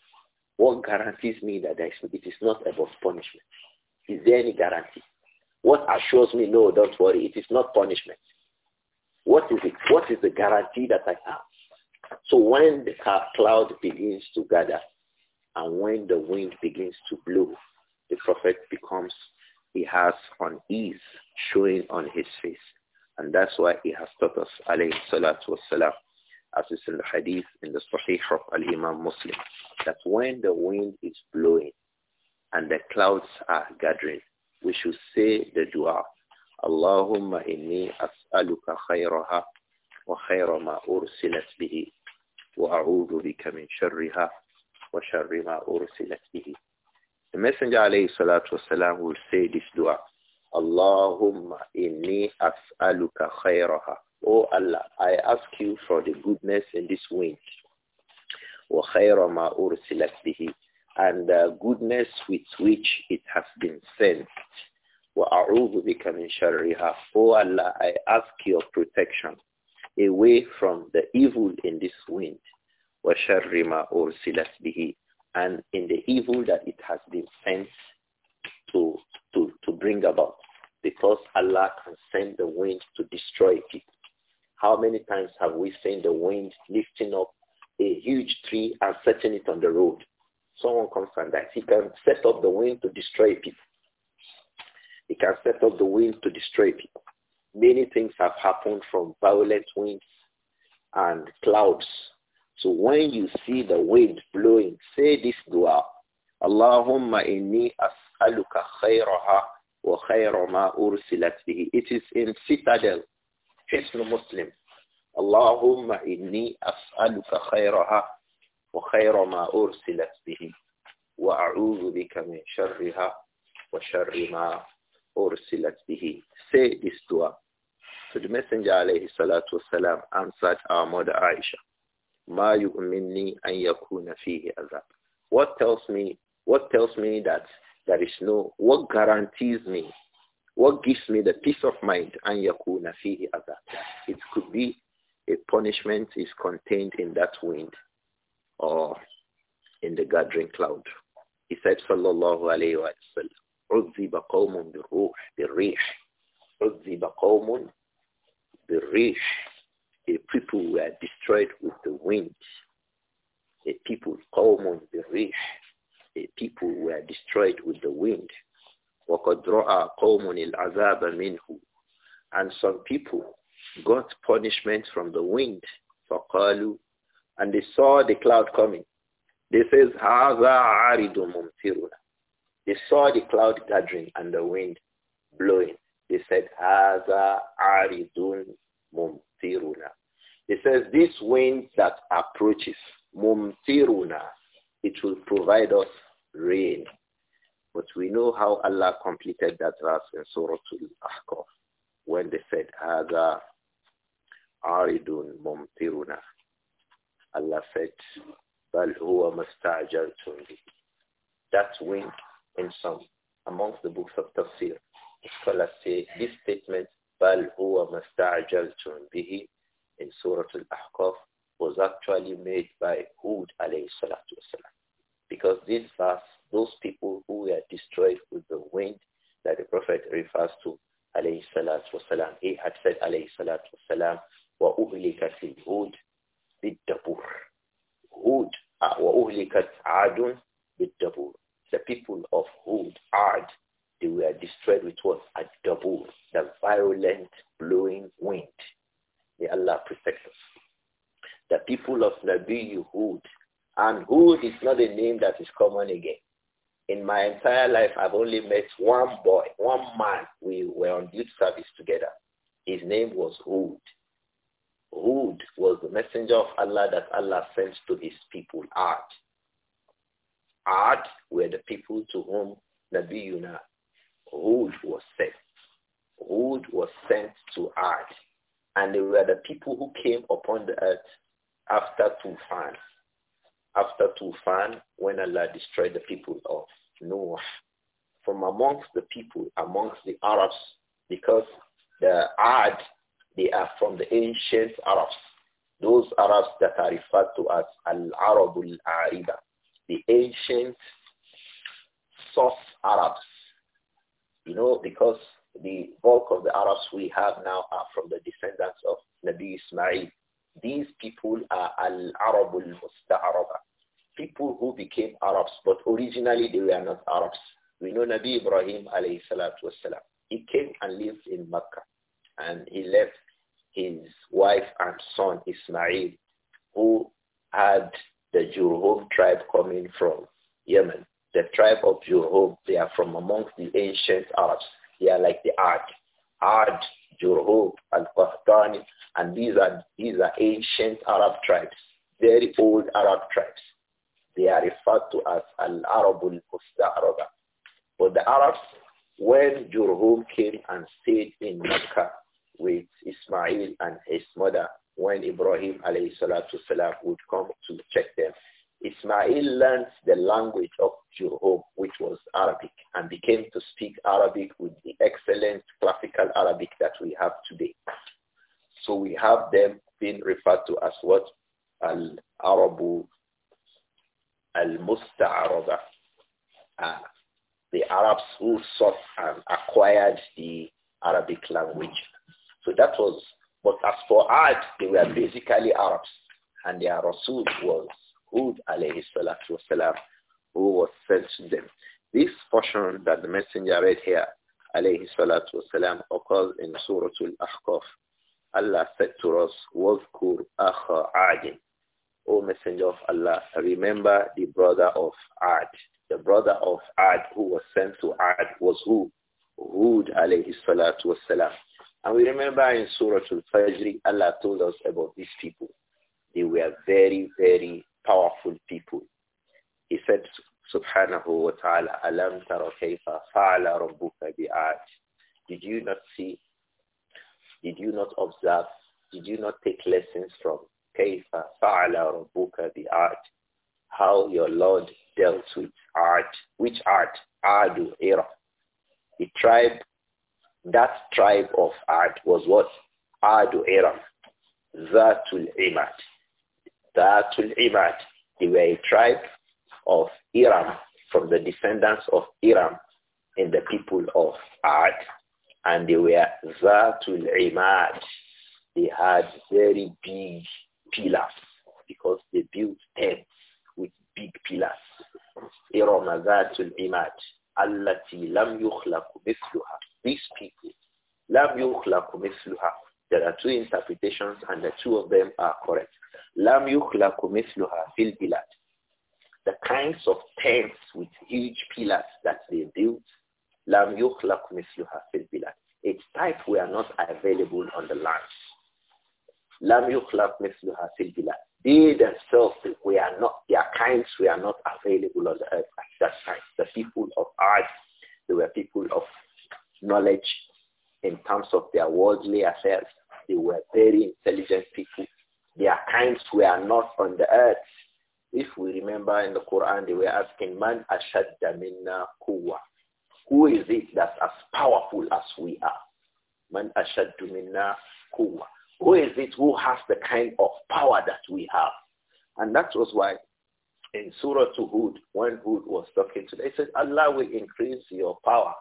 What guarantees me that is, it is not about punishment? Is there any guarantee? What assures me, no, don't worry, it is not punishment. What is it? What is the guarantee that I have? So when the cloud begins to gather and when the wind begins to blow, the Prophet becomes, he has on showing on his face. And that's why he has taught us, alayhi salatu wasalam, as is in the hadith in the Sahih of Al-Imam Muslim, that when the wind is blowing and the clouds are gathering, we should say the dua, Allahumma inni as'aluka khayraha wa khayra ma ursilat bihi wa a'udhu bika min sharriha wa sharri ma ursilat bihi. The Messenger alayhi salatu wasalam will say this dua. Allahumma inni as'aluka khayraha. Oh Allah, I ask you for the goodness in this wind. Wa khayra ma ursilat bihi. And the goodness with which it has been sent. Wa a'udhu bika min sharriha. Oh Allah, I ask your protection away from the evil in this wind. Wa sharri ma ursilat bihi and in the evil that it has been sent to, to, to bring about. Because Allah can send the wind to destroy people. How many times have we seen the wind lifting up a huge tree and setting it on the road? Someone comes and dies. He can set up the wind to destroy people. He can set up the wind to destroy people. Many things have happened from violent winds and clouds so when you see the wind blowing, say this dua. Allahumma inni as'aluka khayraha wa khayra ma ursilat bihi. It is in Citadel, Hisn Muslim. Allahumma inni as'aluka khayraha wa khayra ma ursilat bihi. Wa a'udhu bika min sharriha wa sharri ma ursilat bihi. Say this dua. So the Messenger alayhi salatu wasalam answered our mother Aisha. ما يؤمنني أن يكون فيه عذاب. What tells me, what tells me that there is no, what guarantees me, what gives me the peace of mind أن يكون فيه عذاب. It could be a punishment is contained in that wind or in the gathering cloud. He said, sallallahu alayhi wa sallam, عذب قوم بالروح بالريح عذب قوم بالريح the people were destroyed with the wind. The people, قوم بالريح. the people were destroyed with the wind. قوم العذاب منه. And some people got punishment from the wind. فقالوا And they saw the cloud coming. They says, هذا They saw the cloud gathering and the wind blowing. They said, هذا عارض mumtiruna. It says this wind that approaches, mumtiruna, it will provide us rain. But we know how Allah completed that verse in Surah Al-Ahqaf when they said, "Ada aridun mumtiruna. Allah said, Bal huwa mastajaltum That wind in some amongst the books of tafsir. Scholars say this statement بل هو ما استعجلتم به in Surah Al-Ahqaf was actually made by Hud alayhi salatu wasalam. Because this verse, those people who were destroyed with the wind that the Prophet refers to alayhi salatu wasalam, he had said alayhi salatu wasalam, وَأُهْلِكَتِ الْهُودِ بِالدَّبُورِ Hud, uh, وَأُهْلِكَتْ عَادٌ بِالدَّبُورِ The people of Hud, Ad, they were destroyed with what? A double, the violent blowing wind. May Allah protect us. The people of Nabi Yehud, and Hud is not a name that is common again. In my entire life, I've only met one boy, one man. We were on youth service together. His name was Hud. Hud was the messenger of Allah that Allah sent to his people, Ad. Ad were the people to whom Nabiuna Hud was sent. Hud was sent to Ad. And they were the people who came upon the earth after Tufan. After Tufan, when Allah destroyed the people of Noah. From amongst the people, amongst the Arabs, because the Ad, they are from the ancient Arabs. Those Arabs that are referred to as Al-Arabul Ariba, the ancient source Arabs, you know, because the bulk of the Arabs we have now are from the descendants of Nabi Ismail. These people are al-Arabul Musta'araba, people who became Arabs, but originally they were not Arabs. We know Nabi Ibrahim alayhi salatu wasalam. He came and lived in Mecca and he left his wife and son Ismail who had the Jurhum tribe coming from Yemen. The tribe of Jurhum, they are from amongst the ancient Arabs. They are like the Ard. Ard, Jurhum, Al-Qahtani, and these are, these are ancient Arab tribes, very old Arab tribes. They are referred to as Al-Arabul Mustaraba. But the Arabs, when Jurhum came and stayed in Mecca with Ismail and his mother, when Ibrahim alayhi salatu salam would come to check them, Ismail learned the language of Jurhum, which was Arabic, and became to speak Arabic with the excellent classical Arabic that we have today. So we have them being referred to as what? Al-Arabu, Al-Musta'araba. Uh, the Arabs who sought and acquired the Arabic language. So that was, but as for art, they were basically Arabs, and their Rasul was Hud alayhi salatu wasalam, who was sent to them. This portion that the messenger read here, alayhi salatu wasalam, occurs in Surah Al-Ahqaf. Allah said to us, "Wazkur أَخَ Adin." O Messenger of Allah, remember the brother of Ad. The brother of Ad who was sent to Ad was who? Hud alayhi salatu wasalam. And we remember in Surah Al-Fajr, Allah told us about these people. They were very, very powerful people. He said, subhanahu wa ta'ala, alam tara kayfa fa'ala rabbuka bi'ad. Did you not see? Did you not observe? Did you not take lessons from kayfa fa'ala rabbuka bi'ad? How your Lord dealt with art. Which art? Adu Era. The tribe, that tribe of art was what? Adu Era. Zatul Imad Datul Imad, They were a tribe of Iram, from the descendants of Iram and the people of Ad. And they were Zatul Imad. They had very big pillars because they built tents with big pillars. Iram Zatul Imad. Allati lam yukhlaqu mithluha. These people. Lam yukhlaqu mithluha. There are two interpretations and the two of them are correct. لم يخلق مثلها fil البلاد. The kinds of tents with huge pillars that they built, لم يخلق مثلها fil البلاد. Its type were not available on the land. لم يخلق مثلها في البلاد. They themselves were not, their kinds were not available on the earth at that time. The people of art, they were people of knowledge in terms of their worldly affairs. They were very intelligent people. Their kinds were not on the earth. If we remember in the Quran, they were asking, Man ashadda minna kuwa. Who is it that's as powerful as we are? Man ashaddu minna kuwa. Who is it who has the kind of power that we have? And that was why in Surah to Hud, when Hud was talking to them, he said, Allah will increase your power.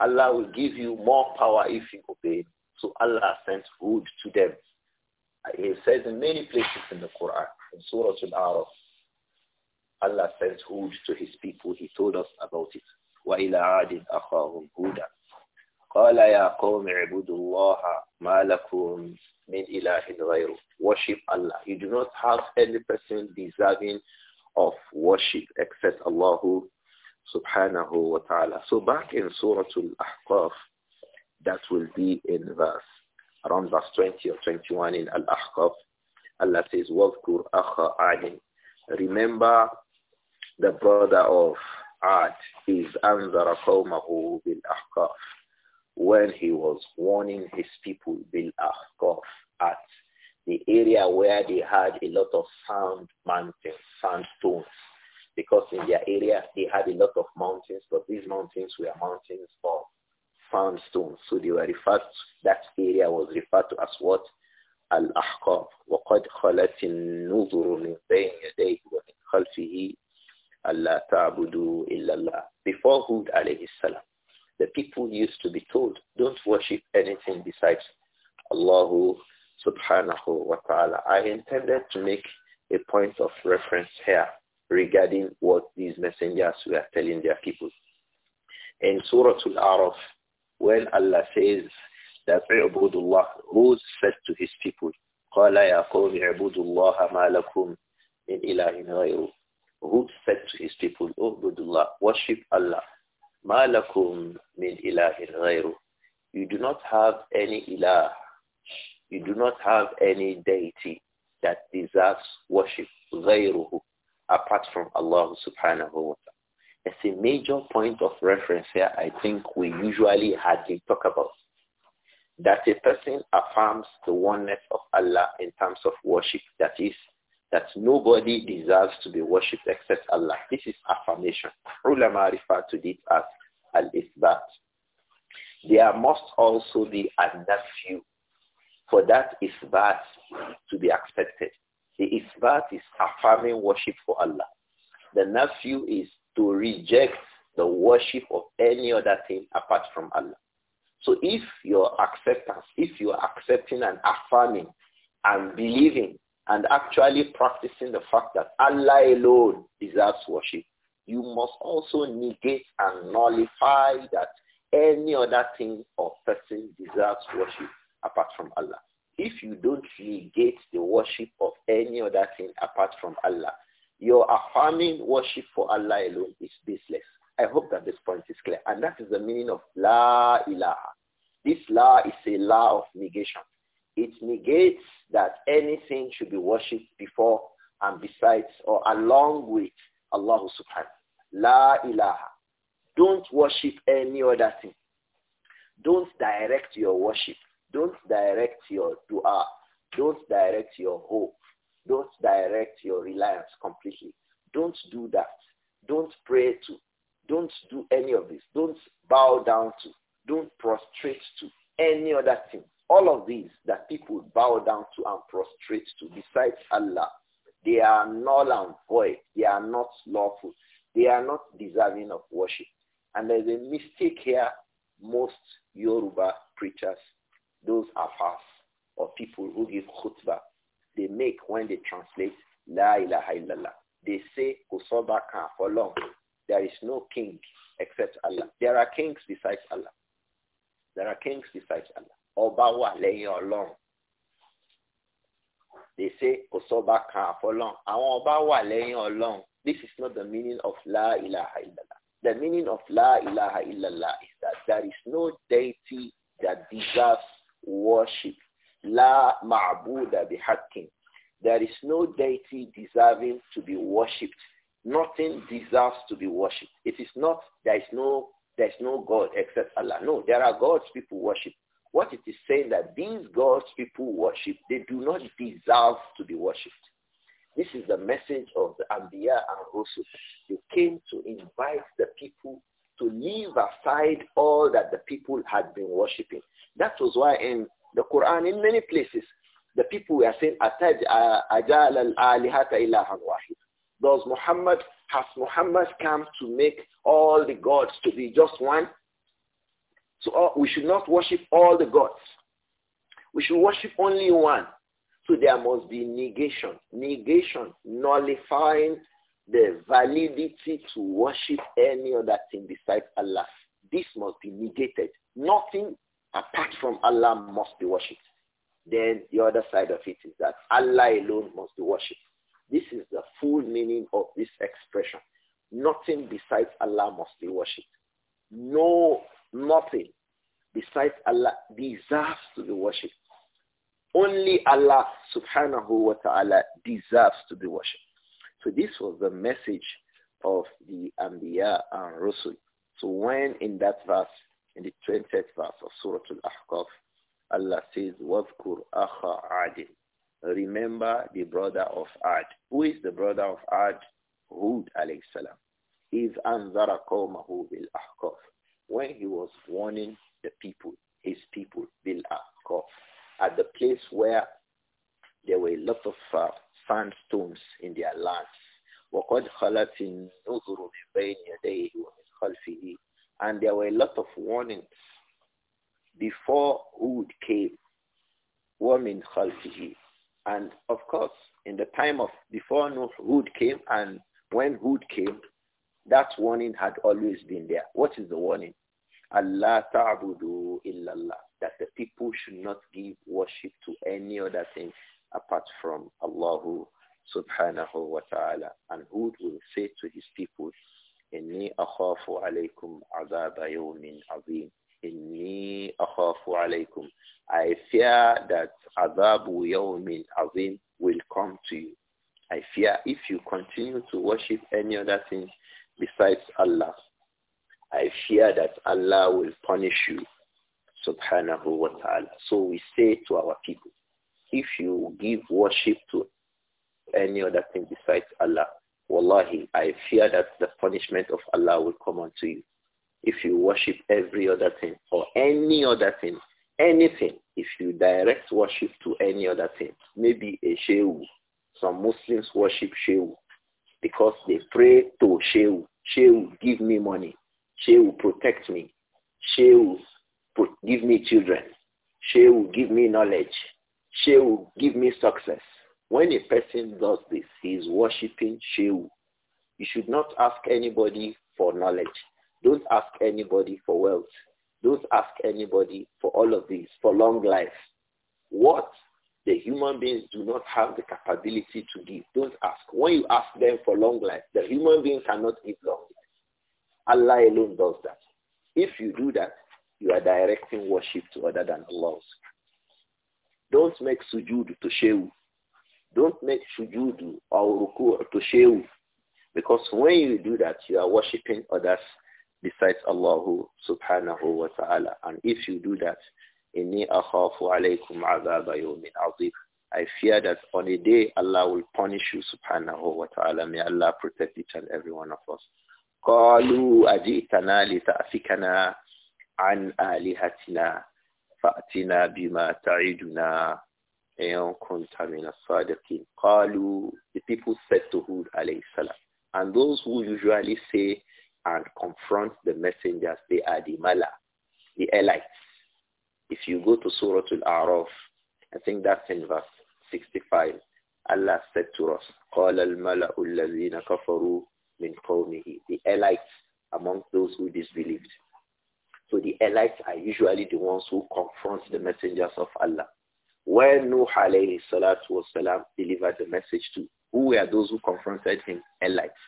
Allah will give you more power if you obey. So Allah sent Hud to them. He says in many places in the Quran, in Surah Al-A'raf, Allah sends Hud to his people. He told us about it. وَإِلَى عَادٍ أَخَاهُمْ هُودًا قَالَ يَا قَوْمِ اعْبُدُوا اللَّهَ مَا لَكُمْ مِنْ إِلَهٍ غير Worship Allah. You do not have any person deserving of worship except Allah subhanahu wa ta'ala. So back in Surah Al-Ahqaf, that will be in verse around verse 20 or 21 in Al-Ahqaf, Allah says, وَذْكُرْ أَخَ عَادٍ Remember the brother of Ad is أَنْذَرَ bil-Ahqaf, When he was warning his people bil-Ahqaf at the area where they had a lot of sand mountains, sandstones, because in their area they had a lot of mountains, but these mountains were mountains of Found stones. So they were referred, to. that area was referred to as what? al ahqab وَقَدْ خَلَتِ النُّذُرُ مِنْ بَيْنِ يَدَيْهِ وَمِنْ خَلْفِهِ أَلَّا تَعْبُدُوا إِلَّا اللَّهِ Before Hud alayhi salam, the people used to be told, don't worship anything besides Allah subhanahu wa ta'ala. I intended to make a point of reference here regarding what these messengers were telling their people. In Surah Al-Araf, when Allah says that Ibudullah, who said to his people, قال يا قوم اعبدوا الله ما لكم من إله غيره Who said to his people, Ubudullah, worship Allah. ما لكم من إله غيره You do not have any ilah. You do not have any deity that deserves worship غيره apart from Allah subhanahu wa ta'ala. It's a major point of reference here I think we usually hardly talk about. That a person affirms the oneness of Allah in terms of worship. That is, that nobody deserves to be worshipped except Allah. This is affirmation. Ulama refer to this as al-isbat. There must also be another view for that isbat to be accepted. The isbat is affirming worship for Allah. The next view is to reject the worship of any other thing apart from Allah. So if your acceptance, if you are accepting and affirming and believing and actually practicing the fact that Allah alone deserves worship, you must also negate and nullify that any other thing or person deserves worship apart from Allah. If you don't negate the worship of any other thing apart from Allah, your affirming worship for Allah alone is baseless. I hope that this point is clear. And that is the meaning of La ilaha. This La is a La of negation. It negates that anything should be worshipped before and besides or along with Allah subhanahu. La ilaha. Don't worship any other thing. Don't direct your worship. Don't direct your dua. Don't direct your hope. Don't direct your reliance completely. Don't do that. Don't pray to. Don't do any of this. Don't bow down to. Don't prostrate to any other thing. All of these that people bow down to and prostrate to besides Allah, they are null and void. They are not lawful. They are not deserving of worship. And there's a mistake here most Yoruba preachers, those afars or people who give khutbah they make when they translate La ilaha illallah. They say Kusoba for long. There is no king except Allah. There are kings besides Allah. There are kings besides Allah. Obawa wà long. They say Kusoba for long. Àwọn ọba wà lẹ́yìn This is not the meaning of La ilaha illallah. The meaning of La ilaha illallah is that there is no deity that deserves worship La ma'buda bihaqqin. There is no deity deserving to be worshipped. Nothing deserves to be worshipped. It is not, there is no, there is no God except Allah. No, there are gods people worship. What it is saying that these gods people worship, they do not deserve to be worshipped. This is the message of the Ambiya and Rusul. You came to invite the people to leave aside all that the people had been worshipping. That was why in the Quran in many places. The people were saying, Ataj uh, ajal al-alihata ilahan wahid. Does Muhammad, has Muhammad come to make all the gods to be just one? So uh, we should not worship all the gods. We should worship only one. So there must be negation, negation, nullifying the validity to worship any other thing besides Allah. This must be negated. Nothing apart from Allah must be worshipped. Then the other side of it is that Allah alone must be worshipped. This is the full meaning of this expression. Nothing besides Allah must be worshipped. No, nothing besides Allah deserves to be worshipped. Only Allah subhanahu wa ta'ala deserves to be worshipped. So this was the message of the Anbiya and Rasul. So when in that verse in the 20th verse of Surah Al-Ahqaf, Allah says, وَذْكُرْ أَخَا Adin." Remember the brother of Ad. Who is the brother of Ad? Hud alayhi salam. is أَنْذَرَ قَوْمَهُ ahqaf When he was warning the people, his people, Al-Ahqaf, At the place where there were a lot of uh, sandstones in their lands. وَقَدْ خَلَتِ النُّذُرُ مِنْ بَيْنِ يَدَيْهِ وَمِنْ خَلْفِهِ and there were a lot of warnings before Hud came. Warning, khalfihi. And of course, in the time of before Hud came and when Hud came, that warning had always been there. What is the warning? Allah ta'budu illallah. That the people should not give worship to any other thing apart from Allah subhanahu wa ta'ala. And Hud will say to his people, إني أخاف عليكم عذاب يوم عظيم إني أخاف عليكم I fear that عذاب يوم عظيم will come to you I fear if you continue to worship any other thing besides Allah I fear that Allah will punish you subhanahu wa ta'ala so we say to our people if you give worship to any other thing besides Allah Wallahi, I fear that the punishment of Allah will come unto you if you worship every other thing or any other thing, anything, if you direct worship to any other thing, maybe a shehu. Some Muslims worship shehu because they pray to shehu. Shehu, give me money. Shehu, protect me. Shehu, give me children. Shehu, give me knowledge. Shehu, give me success. When a person does this, he is worshipping Shehu. You should not ask anybody for knowledge. Don't ask anybody for wealth. Don't ask anybody for all of these, for long life. What the human beings do not have the capability to give. Don't ask. When you ask them for long life, the human being cannot give long life. Allah alone does that. If you do that, you are directing worship to other than Allah. Don't make sujood to Shehu. Don't make sujudu or ruku' to shewu. Because when you do that, you are worshipping others besides Allah subhanahu wa ta'ala. And if you do that, inni akhafu alaykum azaba yawmin azim. I fear that on a day Allah will punish you subhanahu wa ta'ala. May Allah protect each and every one of us. قالوا أجئتنا لتأفكنا عن آلهتنا فأتنا بما تعدنا إن كنت من الصادقين قالوا the people said to Hud عليه and those who usually say and confront the messengers they are the Mala the elites if you go to Surah Al-A'raf I think that's in verse 65 Allah said to us قال الملأ الذين كفروا من قومه the elites among those who disbelieved so the elites are usually the ones who confront the messengers of Allah when Nuh alayhi salatu wasalam delivered the message to, who were those who confronted him? Elites.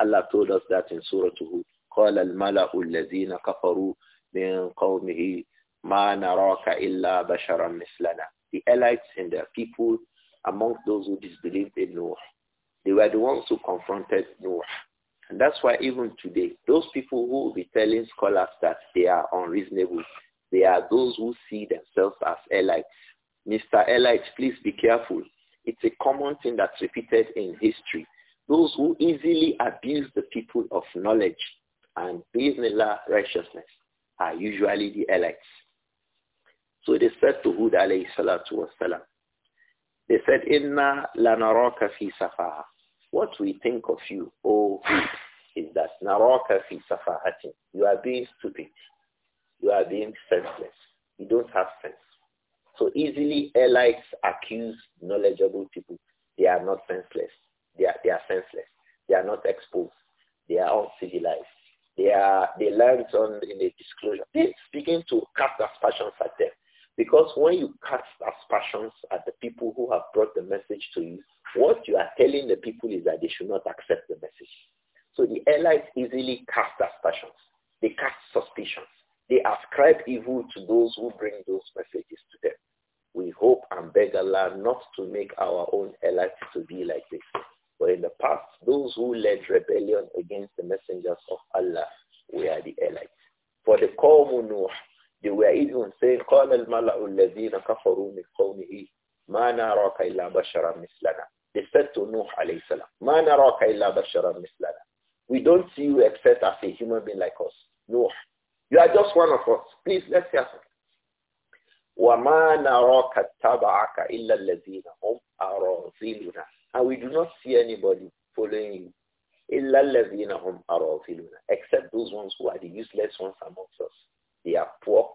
Allah told us that in Surah Tuhu: قال الملأ الذين كفروا من قومه ما نراك إلا بشرا مثلنا. The Elites and their people among those who disbelieved in Nuh. They were the ones who confronted Nuh. And that's why even today, those people who will be telling scholars that they are unreasonable, they are those who see themselves as elites Mr. Elite, please be careful. It's a common thing that's repeated in history. Those who easily abuse the people of knowledge and business righteousness are usually the elites. So they said to Hud alayhi salatu wasalam, they said, Inna naraka fi safaha. What we think of you, O is that naraka fi safahatin. You are being stupid. You are being senseless. You don't have sense. So easily airlines accuse knowledgeable people. They are not senseless. They are, they are senseless. They are not exposed. They are uncivilized. They are they land on in the disclosure. Speaking begin to cast aspersions at them. Because when you cast aspersions at the people who have brought the message to you, what you are telling the people is that they should not accept the message. So the allies easily cast aspersions. They cast suspicions. They ascribe evil to those who bring those messages to them. We hope and beg Allah not to make our own allies to be like this. But in the past, those who led rebellion against the messengers of Allah were the allies. For the Qawm Nuh, they were even saying, قال الملأ الذين كفروا من قومه ما نراك إلا بشرا مثلنا. They said to Nuh alayhi salam, ما نراك إلا بشرا مثلنا. We don't see you except as a human being like us. Nuh, you are just one of us. Please, let's hear something. وَمَا نَرَاكَ اتَّبَعَكَ إِلَّا الَّذِينَ هُمْ أَرَاذِلُنَا And we do not see anybody following you. إِلَّا الَّذِينَ هُمْ أَرَاذِلُنَا Except those ones who are the useless ones amongst us. They are poor.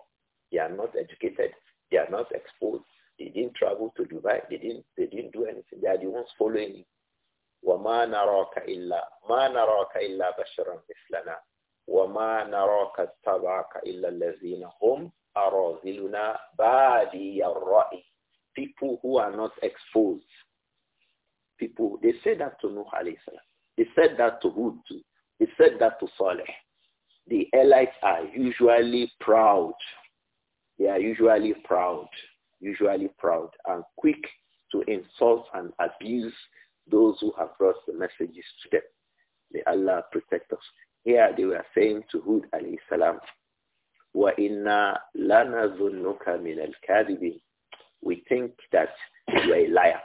They are not educated. They are not exposed. They didn't travel to Dubai. They didn't, they didn't do anything. They are the ones following you. وَمَا نَرَاكَ إِلَّا مَا نَرَاكَ إِلَّا بَشَرًا مِثْلَنَا وَمَا نَرَاكَ اتَّبَعَكَ إِلَّا الَّذِينَ هُمْ araziluna badi rai People who are not exposed. People, they said that to Nuh alayhi They said that to Hud too. They said that to Saleh. The elites are usually proud. They are usually proud, usually proud and quick to insult and abuse those who have brought the messages to them. May Allah protect us. Here they were saying to Hud alayhi salam, وَإِنَّا لَنَظُنُّكَ مِنَ الْكَاذِبِينَ We think that you are a liar.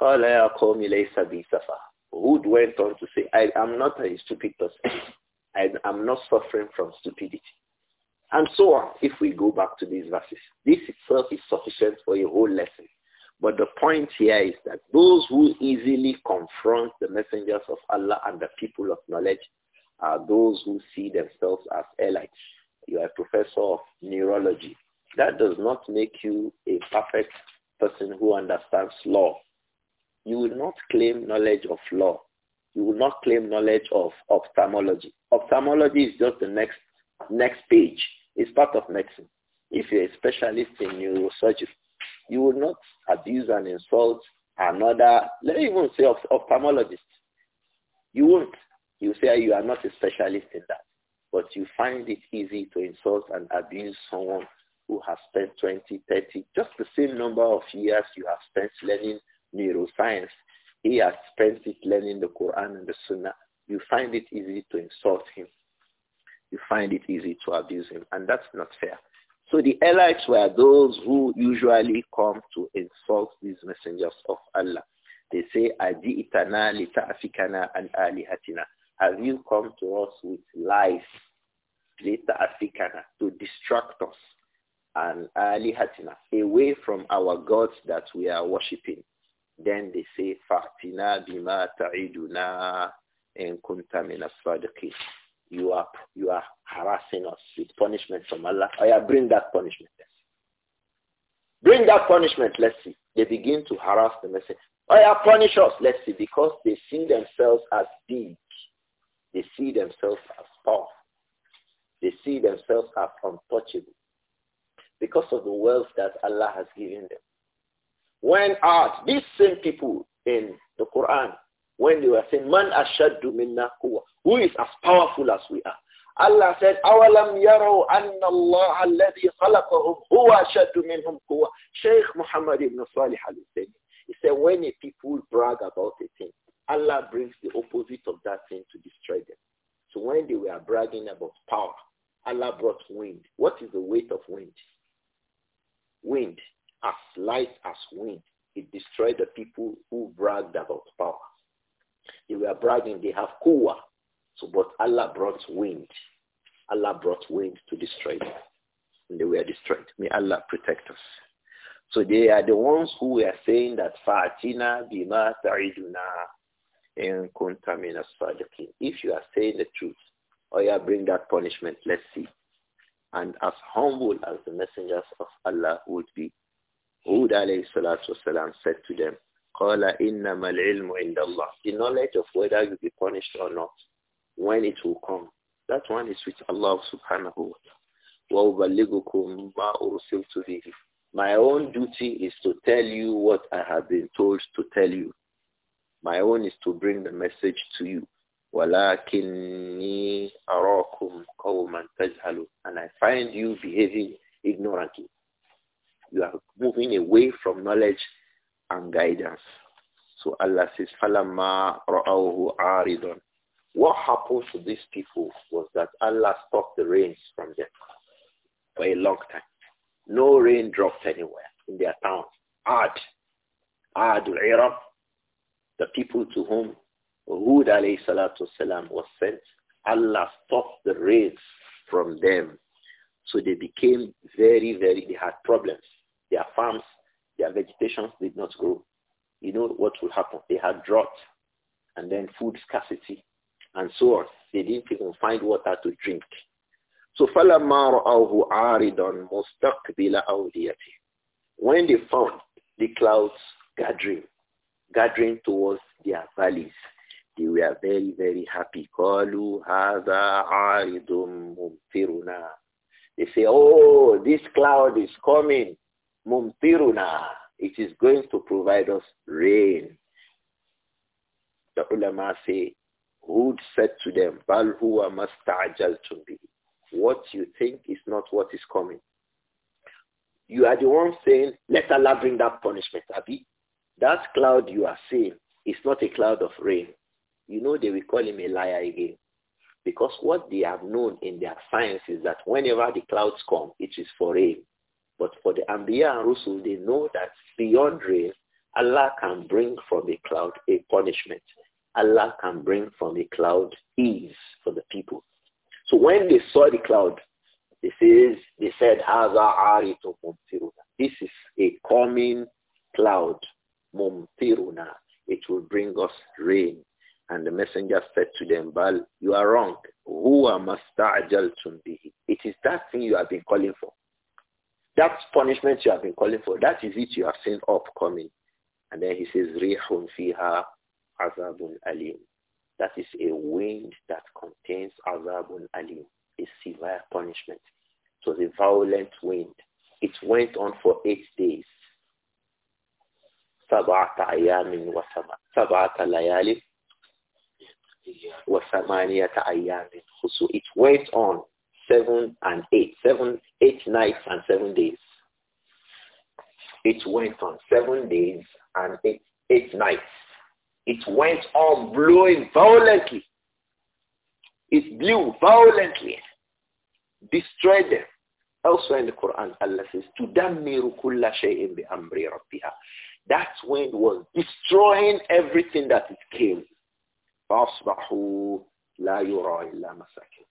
قَالَ يَا قَوْمِ لَيْسَ بِي Hood went on to say, I am not a stupid person. I am not suffering from stupidity. And so on, if we go back to these verses. This itself is sufficient for a whole lesson. But the point here is that those who easily confront the messengers of Allah and the people of knowledge, are those who see themselves as elites. You are a professor of neurology. That does not make you a perfect person who understands law. You will not claim knowledge of law. You will not claim knowledge of ophthalmology. Ophthalmology is just the next next page. It's part of medicine. If you're a specialist in neurosurgery, you will not abuse and insult another, let me even say ophthalmologist. You won't. You say ah, you are not a specialist in that, but you find it easy to insult and abuse someone who has spent 20, 30, just the same number of years you have spent learning neuroscience. He has spent it learning the Quran and the Sunnah. You find it easy to insult him. You find it easy to abuse him. And that's not fair. So the elites were those who usually come to insult these messengers of Allah. They say, Adi itana litafikana an alihatina. Have you come to us with lies, later asikana, to distract us and alihatina, away from our gods that we are worshipping? Then they say, Fatina bima ta'iduna in kunta min You are, you are harassing us with punishment from Allah. Oh yeah, bring that punishment. Bring that punishment, let's see. They begin to harass They say, Oh yeah, punish us, let's see, because they see themselves as deeds. They see themselves as powerful. They see themselves as untouchable because of the wealth that Allah has given them. When are these same people in the Quran, when they were saying, Man ashaddu minna kuwa, who is as powerful as we are? Allah said, أَوَلَمْ يَرَوْا أَنَّ اللَّهَ الَّذِي خَلَقَهُمْ هُوَ أَشَدُّ مِنْهُمْ قُوَّةً Sheikh Muhammad ibn Salih al He said, when a people brag about a thing, Allah brings the opposite of that thing to destroy them. So when they were bragging about power, Allah brought wind. What is the weight of wind? Wind, as light as wind, it destroyed the people who bragged about power. They were bragging, they have kuwa. So, but Allah brought wind. Allah brought wind to destroy them. And they were destroyed. May Allah protect us. So they are the ones who were saying that Fatina bima tariduna in kunta min If you are saying the truth, you are bring that punishment, let's see. And as humble as the messengers of Allah would be, Hud alayhi salatu wasalam said to them, قَالَ إِنَّمَا الْعِلْمُ عِنْدَ Allah." The knowledge of whether you be punished or not, when it will come, that one is with Allah subhanahu wa ta'ala. وَأُبَلِّغُكُمْ مَا أُرْسِلْتُ بِهِ My own duty is to tell you what I have been told to tell you. My own is to bring the message to you. And I find you behaving ignorantly. You are moving away from knowledge and guidance. So Allah says, What happened to these people was that Allah stopped the rains from them for a long time. No rain dropped anywhere in their town. Ad, Ad the people to whom Hud alayhi salam was sent, Allah stopped the rains from them. So they became very, very, they had problems. Their farms, their vegetations did not grow. You know what will happen? They had drought and then food scarcity and so on. They didn't even find water to drink. So فَلَمَّا When they found the clouds gathering gathering towards their valleys. They were very, very happy. Kalu mumtiruna. They say, oh, this cloud is coming. Mumtiruna. It is going to provide us rain. The ulama say, Hud said to them, Bal huwa What you think is not what is coming. You are the one saying, let Allah bring that punishment, Abi. That cloud you are seeing is not a cloud of rain. You know they will call him a liar again. Because what they have known in their science is that whenever the clouds come, it is for rain. But for the Ambiya and Rusul, they know that beyond rain, Allah can bring from a cloud a punishment. Allah can bring from a cloud ease for the people. So when they saw the cloud, they says they said, This is a coming cloud mumtiruna. It will bring us rain. And the messenger said to them, Bal, you are wrong. Huwa masta'ajaltum bihi. It is that thing you have been calling for. That punishment you have been calling for. That is it you have seen upcoming. And then he says, Rihun fiha azabun alim. That is a wind that contains azabun alim, a severe punishment. So the violent wind. It went on for eight days. سبعة أيام وسما سبعة ليال وثمانية أيام خصوص it went on seven and eight seven eight nights and seven days it went on seven days and eight eight nights it went on blowing violently it blew violently destroyed them also in the Quran, Allah says, to damiru تُدَمِّرُ shayin bi amri رَبِّهَا that wind was destroying everything that it came.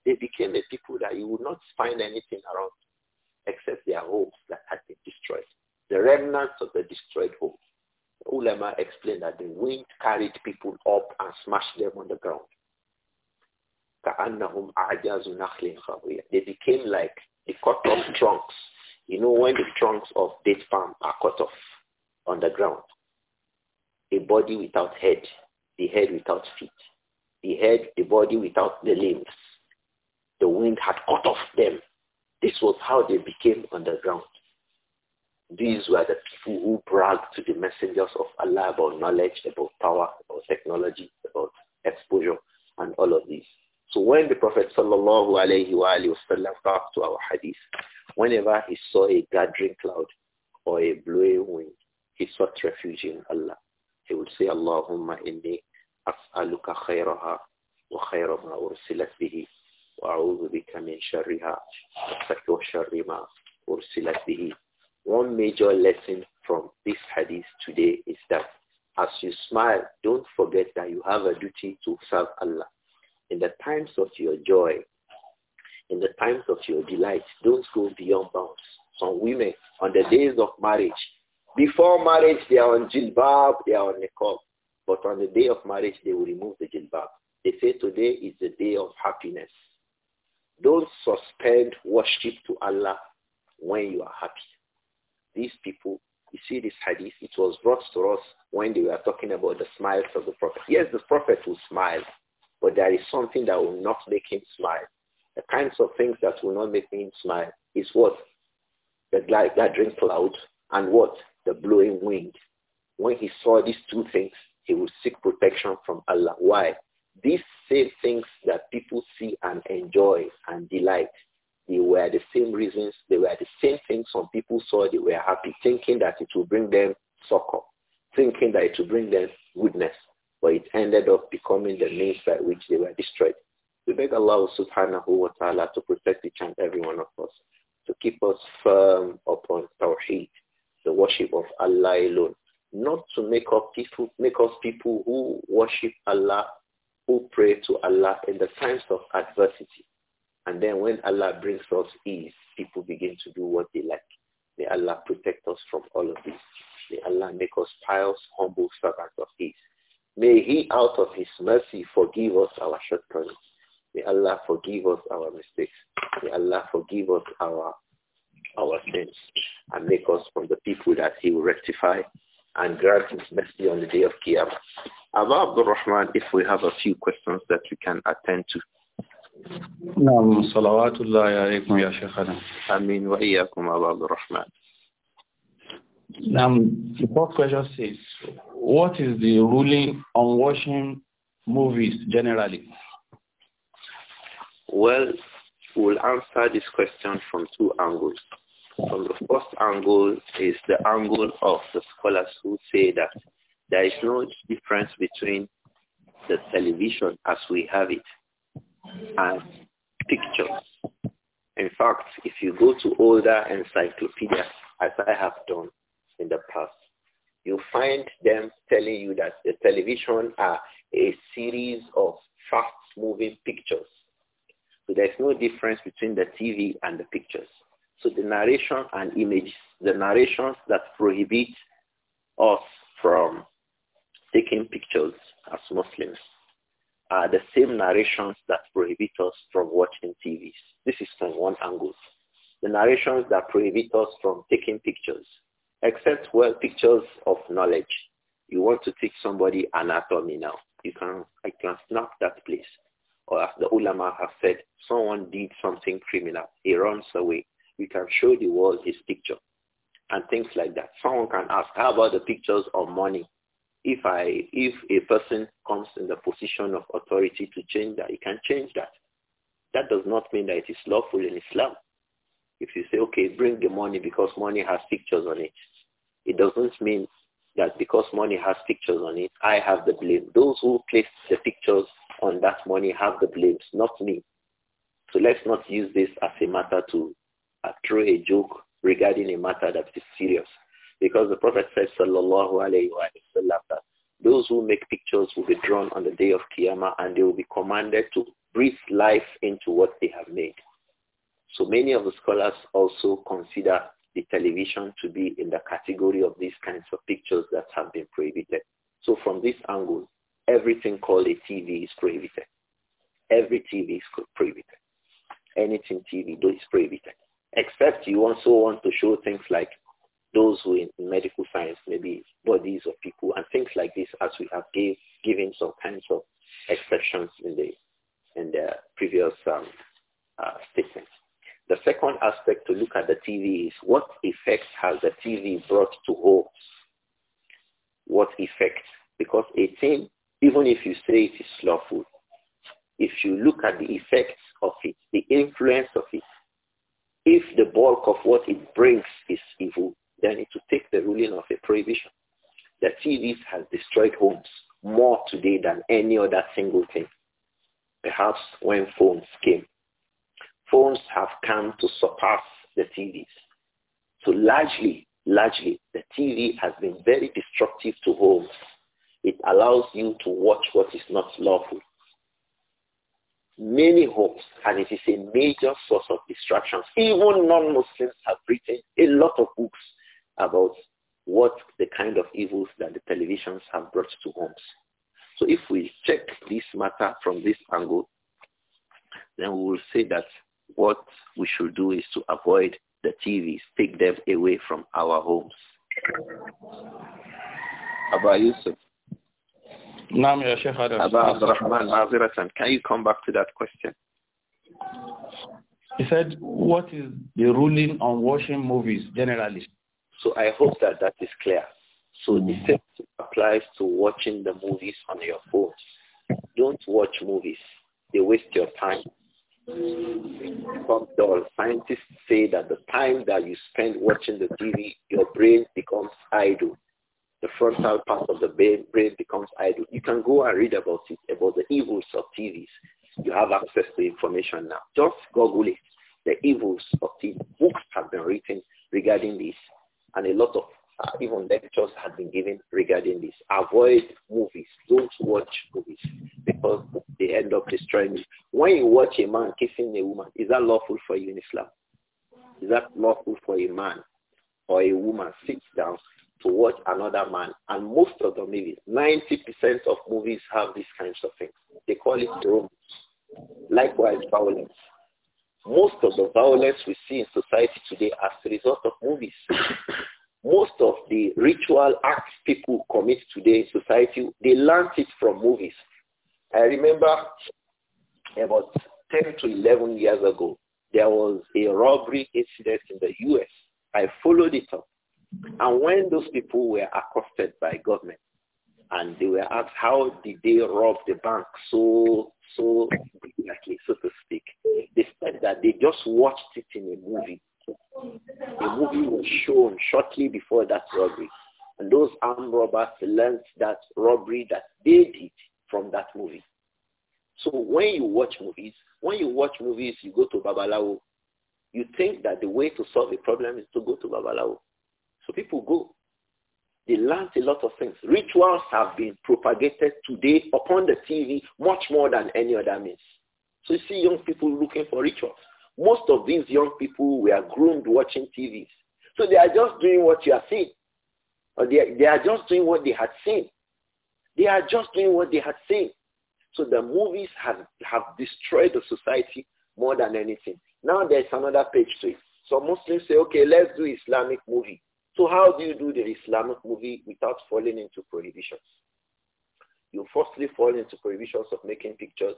They became a people that you would not find anything around except their homes that had been destroyed. The remnants of the destroyed homes. Ulema explained that the wind carried people up and smashed them on the ground. They became like the cut off trunks. You know when the trunks of date palm are cut off on the ground. A body without head, the head without feet, the head, the body without the limbs. The wind had cut off them. This was how they became on the ground. These were the people who bragged to the messengers of Allah about knowledge, about power, about technology, about exposure, and all of these. So when the Prophet sallallahu alayhi wa sallam back to our hadith, whenever he saw a gathering cloud or a blowing wind, refuge in Allah. He would say, Allahumma inni as'aluka khayraha wa khayra ma ursilat bihi wa a'udhu bika min sharriha wa sharri ma ursilat bihi. One major lesson from this hadith today is that as you smile, don't forget that you have a duty to serve Allah. In the times of your joy, in the times of your delight, don't go beyond bounds. Some women, on the days of marriage, before marriage, they are on jilbab, they are on niqab. But on the day of marriage, they will remove the jilbab. They say today is the day of happiness. Don't suspend worship to Allah when you are happy. These people, you see this hadith, it was brought to us when they were talking about the smiles of the Prophet. Yes, the Prophet will smile, but there is something that will not make him smile. The kinds of things that will not make him smile is what? The drinks cloud and what? the blowing wind. When he saw these two things, he would seek protection from Allah. Why? These same things that people see and enjoy and delight, they were the same reasons, they were the same things some people saw, they were happy, thinking that it would bring them succor, thinking that it would bring them goodness. But it ended up becoming the means by which they were destroyed. We beg Allah subhanahu wa ta'ala to protect each and every one of us, to keep us firm upon tawheed, the worship of Allah alone. Not to make up people make us people who worship Allah, who pray to Allah in the times of adversity. And then when Allah brings us ease, people begin to do what they like. May Allah protect us from all of this. May Allah make us pious, humble servants of His. May He, out of His mercy, forgive us our shortcomings. May Allah forgive us our mistakes. May Allah forgive us our our sins and make us from the people that he will rectify and grant his mercy on the day of Qiyamah. Abba Abdul Rahman, if we have a few questions that we can attend to. نعم صلوات الله عليكم يا شيخنا آمين وإياكم أبا عبد الرحمن Now, the first question says, what is the ruling on watching movies generally? Well, we'll answer this question from two angles. From the first angle is the angle of the scholars who say that there is no difference between the television as we have it and pictures. In fact, if you go to older encyclopedias, as I have done in the past, you find them telling you that the television are a series of fast-moving pictures. So there's no difference between the TV and the pictures. So the narration and images, the narrations that prohibit us from taking pictures as Muslims are the same narrations that prohibit us from watching TVs. This is from one angle. The narrations that prohibit us from taking pictures, except well pictures of knowledge. You want to teach somebody anatomy now. You can I can snap that place. Or as the ulama have said, someone did something criminal. He runs away we can show the world his picture and things like that. Someone can ask, how about the pictures of money? If I, if a person comes in the position of authority to change that, he can change that. That does not mean that it is lawful in Islam. If you say, okay, bring the money because money has pictures on it, it doesn't mean that because money has pictures on it, I have the blame. Those who placed the pictures on that money have the blame, not me. So let's not use this as a matter to through a joke regarding a matter that is serious. Because the Prophet said, sallallahu alayhi wa sallam, those who make pictures will be drawn on the day of Qiyamah and they will be commanded to breathe life into what they have made. So many of the scholars also consider the television to be in the category of these kinds of pictures that have been prohibited. So from this angle, everything called a TV is prohibited. Every TV is prohibited. Anything TV is prohibited. Except you also want to show things like those who in medical science, maybe bodies of people and things like this as we have gave, given some kinds of exceptions in the, in the previous um, uh, statement. The second aspect to look at the TV is what effect has the TV brought to homes? What effect? Because a thing, even if you say it is lawful, if you look at the effects of it, the influence of it, if the bulk of what it brings is evil, then it will take the ruling of a prohibition. The TVs has destroyed homes more today than any other single thing. Perhaps when phones came. Phones have come to surpass the TVs. So largely, largely, the TV has been very destructive to homes. It allows you to watch what is not lawful many homes and it is a major source of distractions. Even non-Muslims have written a lot of books about what the kind of evils that the televisions have brought to homes. So if we check this matter from this angle, then we will say that what we should do is to avoid the TVs, take them away from our homes. you, sir? نعم يا شيخ هذا أبا عبد الرحمن can you come back to that question He said what is the ruling on watching movies generally So I hope that that is clear So the same applies to watching the movies on your phone Don't watch movies they waste your time become Scientists say that the time that you spend watching the TV, your brain becomes idle the frontal part of the brain, becomes idle. You can go and read about it, about the evils of TVs. You have access to information now. Just Google it. The evils of TV. Books have been written regarding this, and a lot of uh, even lectures have been given regarding this. Avoid movies. Don't watch movies because they end up destroying you. When you watch a man kissing a woman, is that lawful for you in Islam? Is that lawful for a man or a woman sits down to watch another man. And most of the movies, 90% of movies have these kinds of things. They call it romance. Likewise, violence. Most of the violence we see in society today as a result of movies. most of the ritual acts people commit today in society, they learned it from movies. I remember about 10 to 11 years ago, there was a robbery incident in the U.S. I followed it up. And when those people were accosted by government and they were asked how did they rob the bank so, so exactly, so to speak, they said that they just watched it in a movie. The movie was shown shortly before that robbery. And those armed robbers learned that robbery that they did from that movie. So when you watch movies, when you watch movies, you go to Babalawo. You think that the way to solve a problem is to go to Babalawo. So people go. They learn a lot of things. Rituals have been propagated today upon the TV much more than any other means. So you see young people looking for rituals. Most of these young people were groomed watching TVs. So they are just doing what you are seeing. Or they, they are just doing what they had seen. They are just doing what they had seen. So the movies have, have destroyed the society more than anything. Now there's another page to it. So Muslims say, okay, let's do Islamic movie. So how do you do the Islamic movie without falling into prohibitions? You firstly fall into prohibitions of making pictures.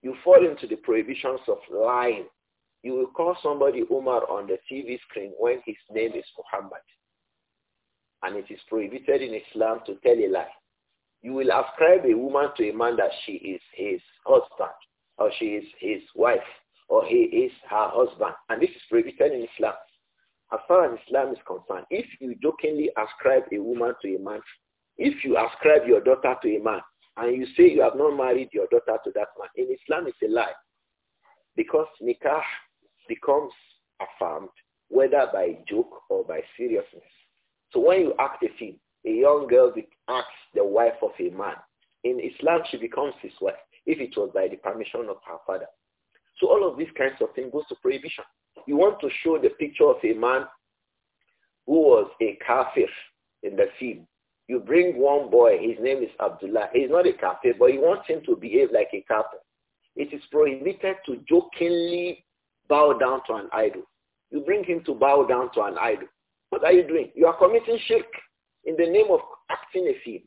You fall into the prohibitions of lying. You will call somebody Umar on the TV screen when his name is Muhammad. And it is prohibited in Islam to tell a lie. You will ascribe a woman to a man that she is his husband or she is his wife or he is her husband. And this is prohibited in Islam. As far as Islam is concerned, if you jokingly ascribe a woman to a man, if you ascribe your daughter to a man, and you say you have not married your daughter to that man, in Islam it's a lie. Because nikah becomes affirmed whether by joke or by seriousness. So when you act a thing, a young girl acts the wife of a man. In Islam, she becomes his wife if it was by the permission of her father. So all of these kinds of things goes to prohibition. You want to show the picture of a man who was a kafir in the field. You bring one boy, his name is Abdullah. He's not a kafir, but you want him to behave like a kafir. It is prohibited to jokingly bow down to an idol. You bring him to bow down to an idol. What are you doing? You are committing shirk in the name of acting a film.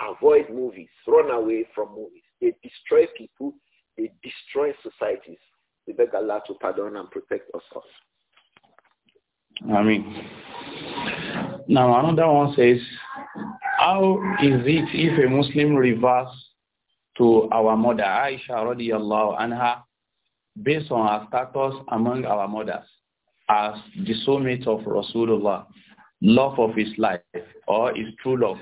Avoid movies. Run away from movies. They destroy people. They destroy societies. We beg Allah to pardon and protect us all. I mean, now another one says, how is it if a Muslim reverts to our mother Aisha radiallahu anha based on her status among our mothers as the soulmate of Rasulullah, love of his life or his true love,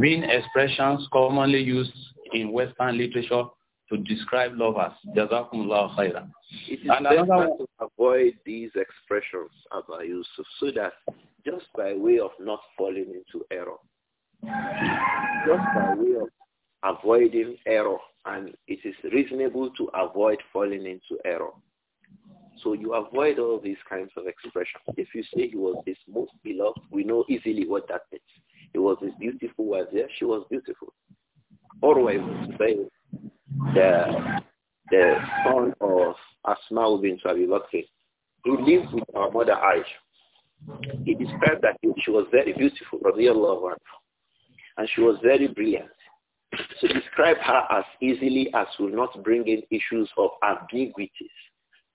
being expressions commonly used in Western literature to describe love as. Jazakumullah khairan. It is and better another... to avoid these expressions, Abba Yusuf, so that just by way of not falling into error, just by way of avoiding error, and it is reasonable to avoid falling into error. So you avoid all these kinds of expressions. If you say he was his most beloved, we know easily what that means. He was his beautiful wife. Yeah, she was beautiful. Orwa was the the son of Asma bin Abi Bakr, he lived with our mother Aisha. He described that she was very beautiful, radiallahu and she was very brilliant. So describe her as easily as will not bring in issues of ambiguities.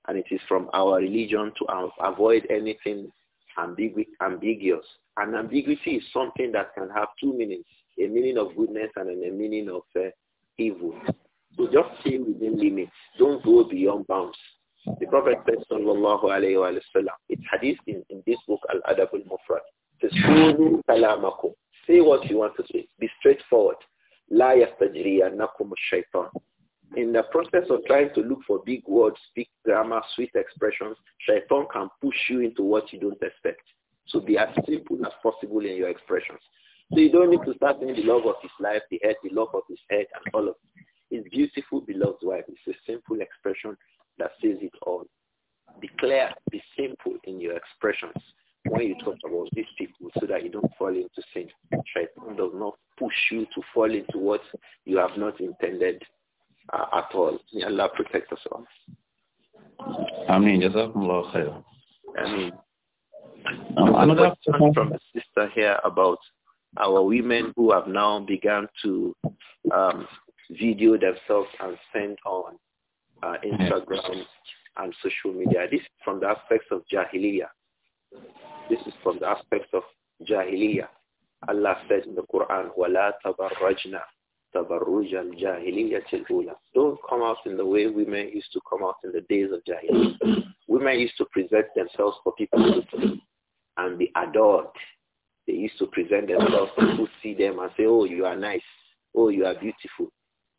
And it is from our religion to avoid anything ambigu ambiguous. And ambiguity is something that can have two meanings, a meaning of goodness and a meaning of uh, evil. So just stay within limits. Don't go beyond bounds. The Prophet said, sallallahu alayhi wa sallam, it's hadith in, in this book, Al-Adab al-Mufrad. Say what you want to say. Be straightforward. In the process of trying to look for big words, big grammar, sweet expressions, shaitan can push you into what you don't expect. So be as simple as possible in your expressions. So you don't need to start in the love of his life, the head, the love of his head, and all of it. His beautiful beloved wife It's a simple expression that says it all. Be clear, be simple in your expressions when you talk about these people so that you don't fall into sin. Shaitan does not push you to fall into what you have not intended uh, at all. May Allah protect us all. Ameen. Jazakumullah khair. Ameen. Um, another question from a sister here about our women who have now begun to um, video themselves and send on uh, Instagram and social media. This is from the aspects of jahiliyah. This is from the aspects of jahiliyah. Allah said in the Quran, وَلَا تَبَرَّجْنَا تَبَرُّجَ الْجَاهِلِيَّةِ الْأُولَى Don't come out in the way women used to come out in the days of jahiliyah. women used to present themselves for people to see and be adored. They used to present themselves people to see them and say, oh, you are nice. Oh, you are beautiful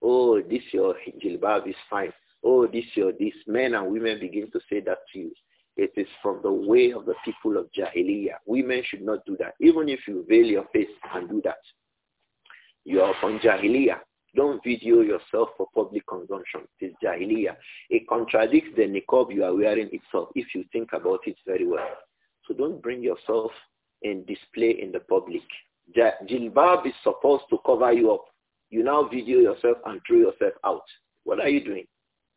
oh, this your jilbab is fine. Oh, this your this. Men and women begin to say that to you. It is from the way of the people of Jahiliyyah. Women should not do that. Even if you veil your face and do that, you are from Jahiliyyah. Don't video yourself for public consumption. It is Jahiliyyah. It contradicts the niqab you are wearing itself if you think about it very well. So don't bring yourself in display in the public. Jilbab is supposed to cover you up. You now video yourself and throw yourself out. What are you doing?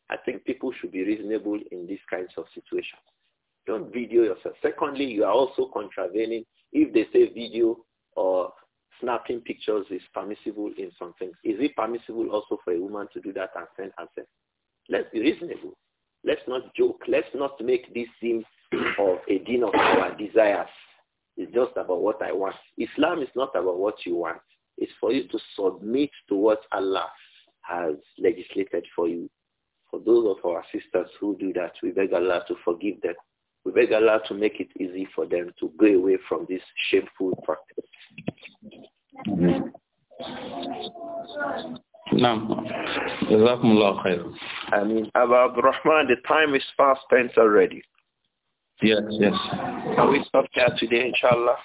I think people should be reasonable in these kinds of situations. Don't video yourself. Secondly, you are also contravening if they say video or snapping pictures is permissible in some things. Is it permissible also for a woman to do that and send herself? Let's be reasonable. Let's not joke. Let's not make this seem of a din of our desires. It's just about what I want. Islam is not about what you want is for you to submit to what Allah has legislated for you. For those of our sisters who do that, we beg Allah to forgive them. We beg Allah to make it easy for them to go away from this shameful practice. Naam. I mean, Abu Rahman, the time is fast spent already. Yes, yes. Can we stop here today, inshallah?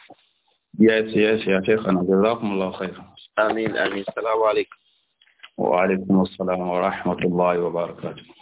يس يس يا شيخنا جزاكم الله خيرا. آمين آمين السلام عليكم. وعليكم السلام ورحمة الله وبركاته.